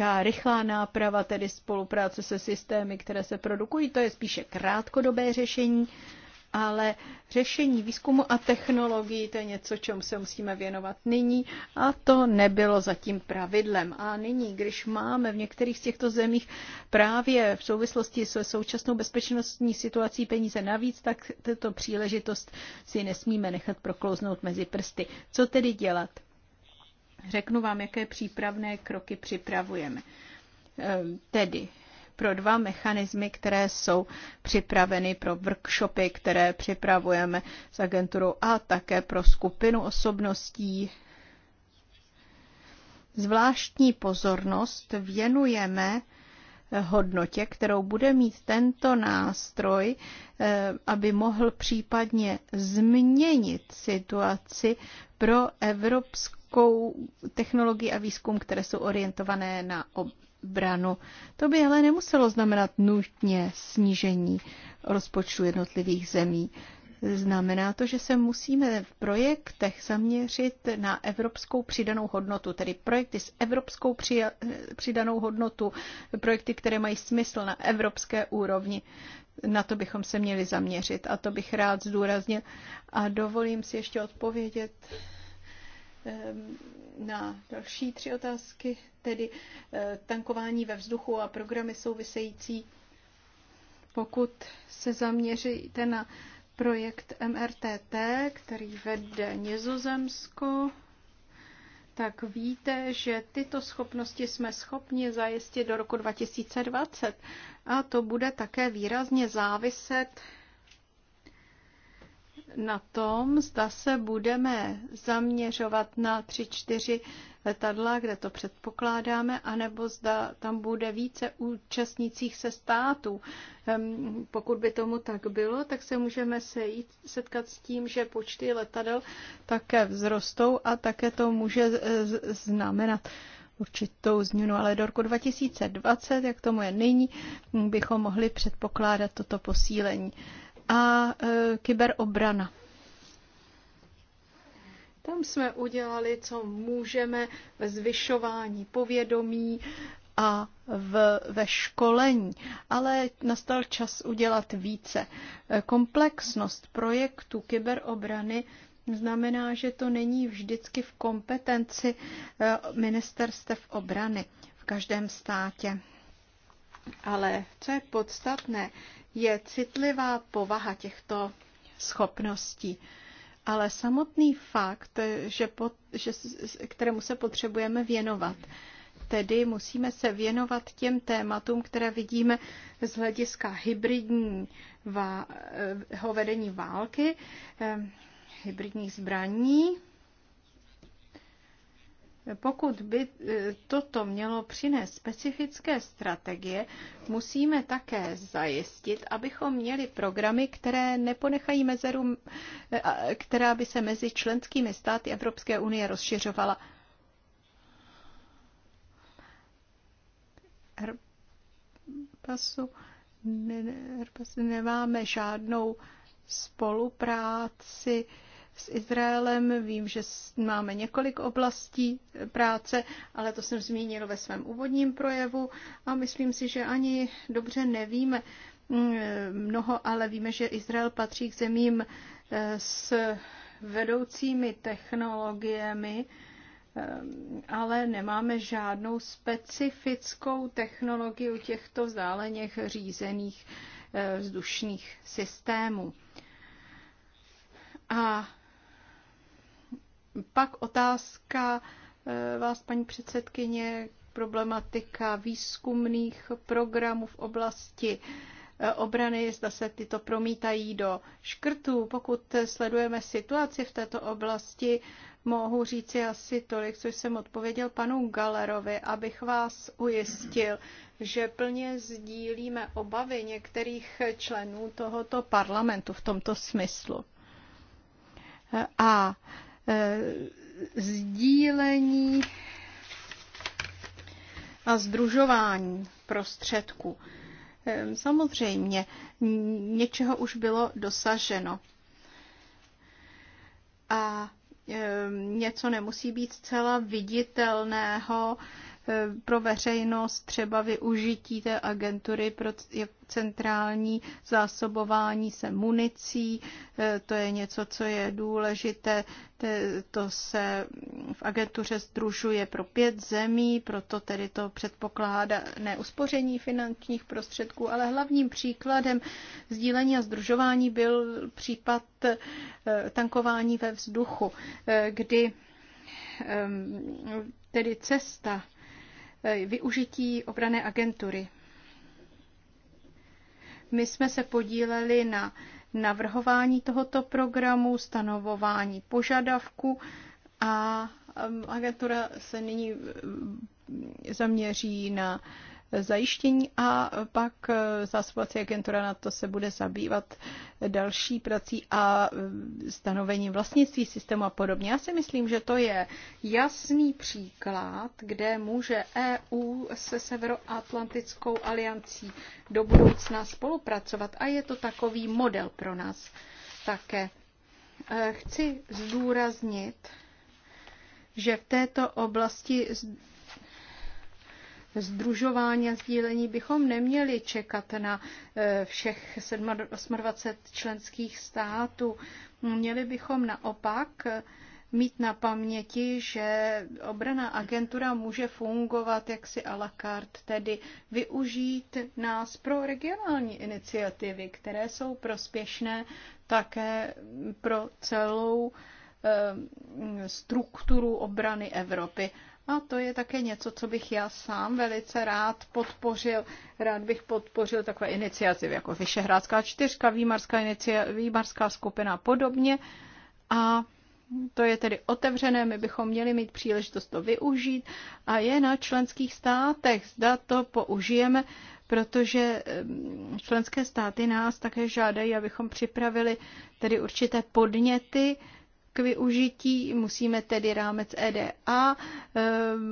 eh, rychlá náprava, tedy spolupráce se systémy, které se produkují. To je spíše krátkodobé řešení ale řešení výzkumu a technologií to je něco, čemu se musíme věnovat nyní a to nebylo zatím pravidlem. A nyní, když máme v některých z těchto zemích právě v souvislosti se současnou bezpečnostní situací peníze navíc, tak tuto příležitost si nesmíme nechat proklouznout mezi prsty. Co tedy dělat? Řeknu vám, jaké přípravné kroky připravujeme. Ehm, tedy pro dva mechanismy, které jsou připraveny pro workshopy, které připravujeme s agenturou a také pro skupinu osobností. Zvláštní pozornost věnujeme hodnotě, kterou bude mít tento nástroj, eh, aby mohl případně změnit situaci pro evropskou technologii a výzkum, které jsou orientované na branu. To by ale nemuselo znamenat nutně snížení rozpočtu jednotlivých zemí. Znamená to, že se musíme v projektech zaměřit na evropskou přidanou hodnotu, tedy projekty s evropskou eh, přidanou hodnotu, projekty, které mají smysl na evropské úrovni. Na to bychom se měli zaměřit a to bych rád zdůraznil. A dovolím si ještě odpovědět Ehm, na další tři otázky, tedy eh, tankování ve vzduchu a programy související. Pokud se zaměříte na projekt MRTT, který vede Nizozemsko, tak víte, že tyto schopnosti jsme schopni zajistit do roku 2020 a to bude také výrazně záviset na tom, zda se budeme zaměřovat na tři, čtyři letadla, kde to předpokládáme, anebo zda tam bude více účastnících se států. Ehm, pokud by tomu tak bylo, tak se můžeme sejít, setkat s tím, že počty letadel také vzrostou a také to může e, znamenat určitou změnu, ale do roku 2020, jak tomu je nyní, bychom mohli předpokládat toto posílení a e, kyberobrana. Tam jsme udělali, co můžeme ve zvyšování povědomí a v, ve školení, ale nastal čas udělat více. E, komplexnost projektu kyberobrany znamená, že to není vždycky v kompetenci e, ministerstev obrany v každém státě. Ale co je podstatné, je citlivá povaha těchto schopností. Ale samotný fakt, že po, že, kterému se potřebujeme věnovat, tedy musíme se věnovat těm tématům, které vidíme z hlediska hybridního eh, vedení války, eh, hybridních zbraní, pokud by e, toto mělo přinést specifické strategie, musíme také zajistit, abychom měli programy, které neponechají mezeru, e, která by se mezi členskými státy Evropské unie rozšiřovala. Airbusu, ne, Airbusu nemáme žádnou spolupráci s Izraelem. Vím, že máme několik oblastí eh, práce, ale to jsem zmínil ve svém úvodním projevu a myslím si, že ani dobře nevíme mm, eh, mnoho, ale víme, že Izrael patří k zemím eh, s vedoucími technologiemi, ale nemáme žádnou specifickou technologii u těchto vzdáleněch řízených vzdušných systémů. A pak otázka eh, vás, paní předsedkyně, problematika výzkumných programů v oblasti eh, obrany, zda se tyto promítají do škrtů. Pokud sledujeme situaci v této oblasti, mohu říci asi tolik, co jsem odpověděl panu Galerovi, abych vás ujistil, že plně sdílíme obavy některých členů tohoto parlamentu v tomto smyslu. Eh, a Eh, sdílení a združování prostředků. Eh, samozřejmě něčeho už bylo dosaženo. A eh, něco nemusí být zcela viditelného, Eh, pro veřejnost, třeba využití té agentury pro centrální zásobování se municí. Eh, to je něco, co je důležité. To se v agentuře združuje pro pět zemí, proto tedy to předpokládá neuspoření finančních prostředků, ale hlavním příkladem sdílení a združování byl případ eh, tankování ve vzduchu, kdy ehm, tedy cesta Eh, využití obrané agentury. My jsme se podíleli na navrhování tohoto programu, stanovování požadavku a agentura se nyní zaměří na zajištění a pak eh, zásobovací agentura na to se bude zabývat další prací a eh, stanovením vlastnictví systému a podobně. Já si myslím, že to je jasný příklad, kde může EU se Severoatlantickou aliancí do budoucna spolupracovat a je to takový model pro nás také. Eh, chci zdůraznit, že v této oblasti združování a sdílení bychom neměli čekat na eh, všech 28 členských států. Měli bychom naopak eh, mít na paměti, že obrana agentura může fungovat jaksi a la carte, tedy využít nás pro regionální iniciativy, které jsou prospěšné také pro celou eh, strukturu obrany Evropy. A to je také něco, co bych já sám velice rád podpořil. Rád bych podpořil takové iniciativy jako Vyšehrádská čtyřka, Výmarská, inicia- Výmarská skupina a podobně. A to je tedy otevřené, my bychom měli mít příležitost to využít a je na členských státech, zda to použijeme, protože mm, členské státy nás také žádají, abychom připravili tedy určité podněty k využití. Musíme tedy rámec EDA eh,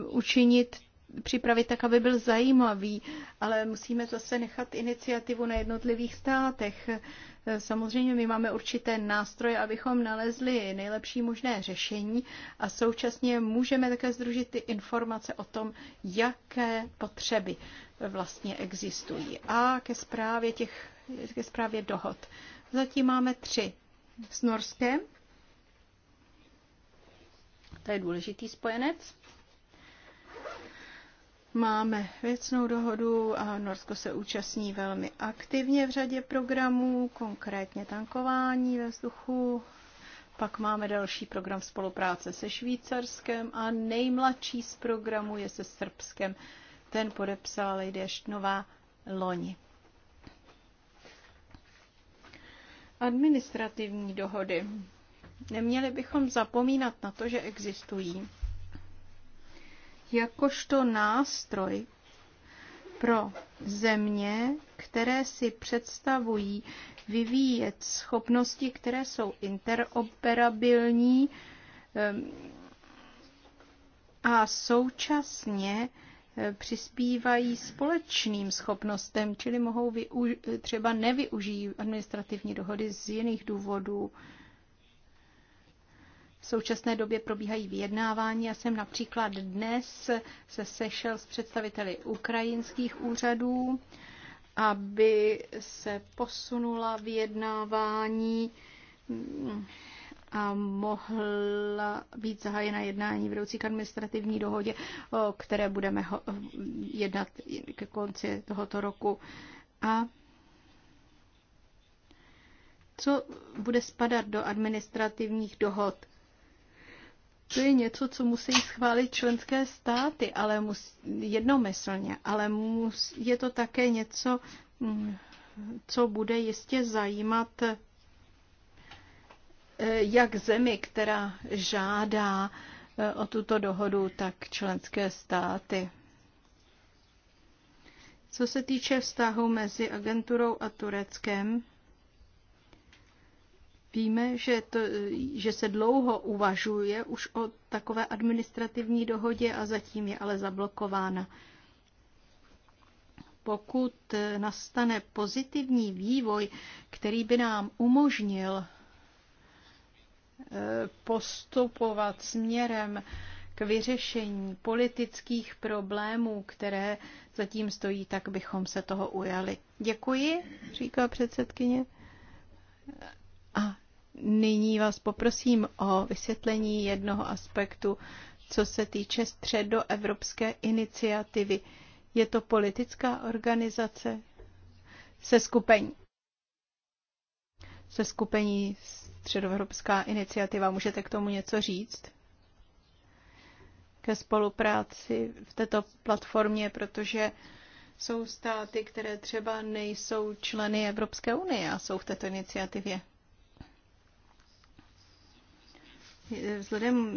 učinit připravit tak, aby byl zajímavý, ale musíme zase nechat iniciativu na jednotlivých státech. Eh, samozřejmě my máme určité nástroje, abychom nalezli nejlepší možné řešení a současně můžeme také združit ty informace o tom, jaké potřeby vlastně existují. A ke zprávě, těch, ke zprávě dohod. Zatím máme tři s Norskem, to je důležitý spojenec. Máme věcnou dohodu a Norsko se účastní velmi aktivně v řadě programů, konkrétně tankování ve vzduchu. Pak máme další program spolupráce se Švýcarskem a nejmladší z programů je se Srbskem. Ten podepsala Lady Eštnová loni. Administrativní dohody. Neměli bychom zapomínat na to, že existují jakožto nástroj pro země, které si představují vyvíjet schopnosti, které jsou interoperabilní ehm, a současně eh, přispívají společným schopnostem, čili mohou třeba nevyužít administrativní dohody z jiných důvodů. V současné době probíhají vyjednávání. Já jsem například dnes se sešel s představiteli ukrajinských úřadů, aby se posunula vyjednávání a mohla být zahájena jednání v k administrativní dohodě, o které budeme jednat ke konci tohoto roku. A co bude spadat do administrativních dohod? to je něco, co musí schválit členské státy, ale mus, jednomyslně, ale mus, je to také něco, mm, co bude jistě zajímat eh, jak zemi, která žádá eh, o tuto dohodu, tak členské státy. Co se týče vztahu mezi agenturou a Tureckem, Víme, že, to, že se dlouho uvažuje už o takové administrativní dohodě a zatím je ale zablokována. Pokud nastane pozitivní vývoj, který by nám umožnil eh, postupovat směrem k vyřešení politických problémů, které zatím stojí, tak bychom se toho ujali. Děkuji, říká předsedkyně. A nyní vás poprosím o vysvětlení jednoho aspektu, co se týče středoevropské iniciativy. Je to politická organizace se skupení. Se skupení Středoevropská iniciativa. Můžete k tomu něco říct? Ke spolupráci v této platformě, protože jsou státy, které třeba nejsou členy Evropské unie a jsou v této iniciativě. Vzhledem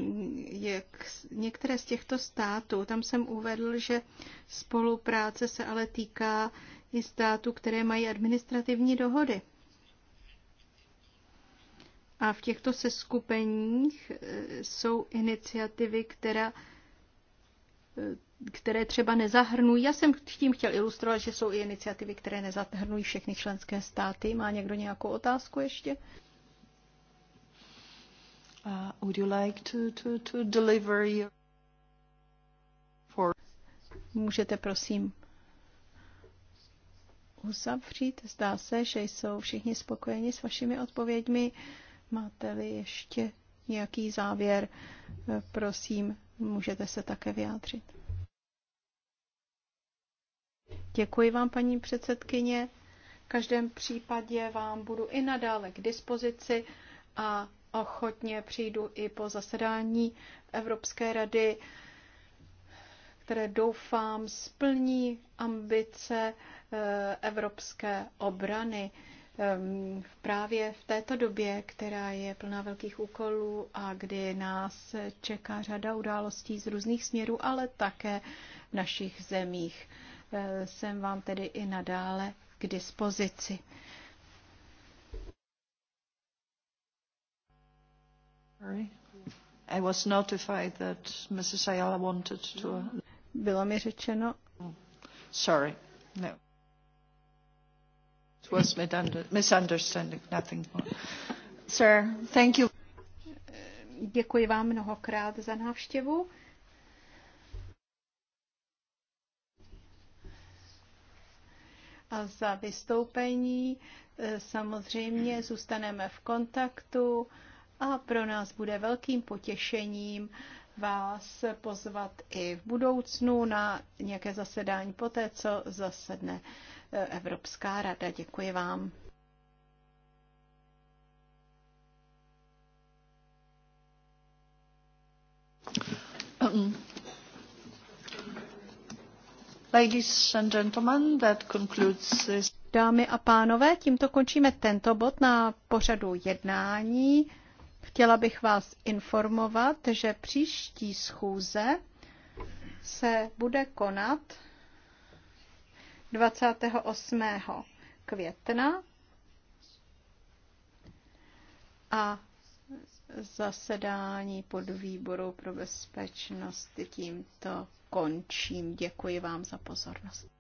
k některé z těchto států, tam jsem uvedl, že spolupráce se ale týká i států, které mají administrativní dohody. A v těchto seskupeních e, jsou iniciativy, která, e, které třeba nezahrnují. Já jsem tím chtěl ilustrovat, že jsou i iniciativy, které nezahrnují všechny členské státy. Má někdo nějakou otázku ještě? Uh, would you like to, to, to deliver your... For... Můžete prosím uzavřít. Zdá se, že jsou všichni spokojeni s vašimi odpověďmi. Máte-li ještě nějaký závěr, eh, prosím, můžete se také vyjádřit. Děkuji vám, paní předsedkyně. V každém případě vám budu i nadále k dispozici a ochotně přijdu i po zasedání Evropské rady, které doufám splní ambice eh, evropské obrany ehm, právě v této době, která je plná velkých úkolů a kdy nás čeká řada událostí z různých směrů, ale také v našich zemích. Eh, jsem vám tedy i nadále k dispozici. No. Bylo mi řečeno... Sorry. No. It was misunderstanding, nothing more. Sir, thank you. Děkuji vám mnohokrát za návštěvu. A za vystoupení e, samozřejmě zůstaneme v kontaktu a pro nás bude velkým potěšením vás pozvat i v budoucnu na nějaké zasedání poté, co zasedne e, Evropská rada. Děkuji vám. Um, ladies and gentlemen, that concludes this. Dámy a pánové, tímto končíme tento bod na pořadu jednání. Chtěla bych vás informovat, že příští schůze se bude konat 28. května a zasedání pod výboru pro bezpečnost tímto končím. Děkuji vám za pozornost.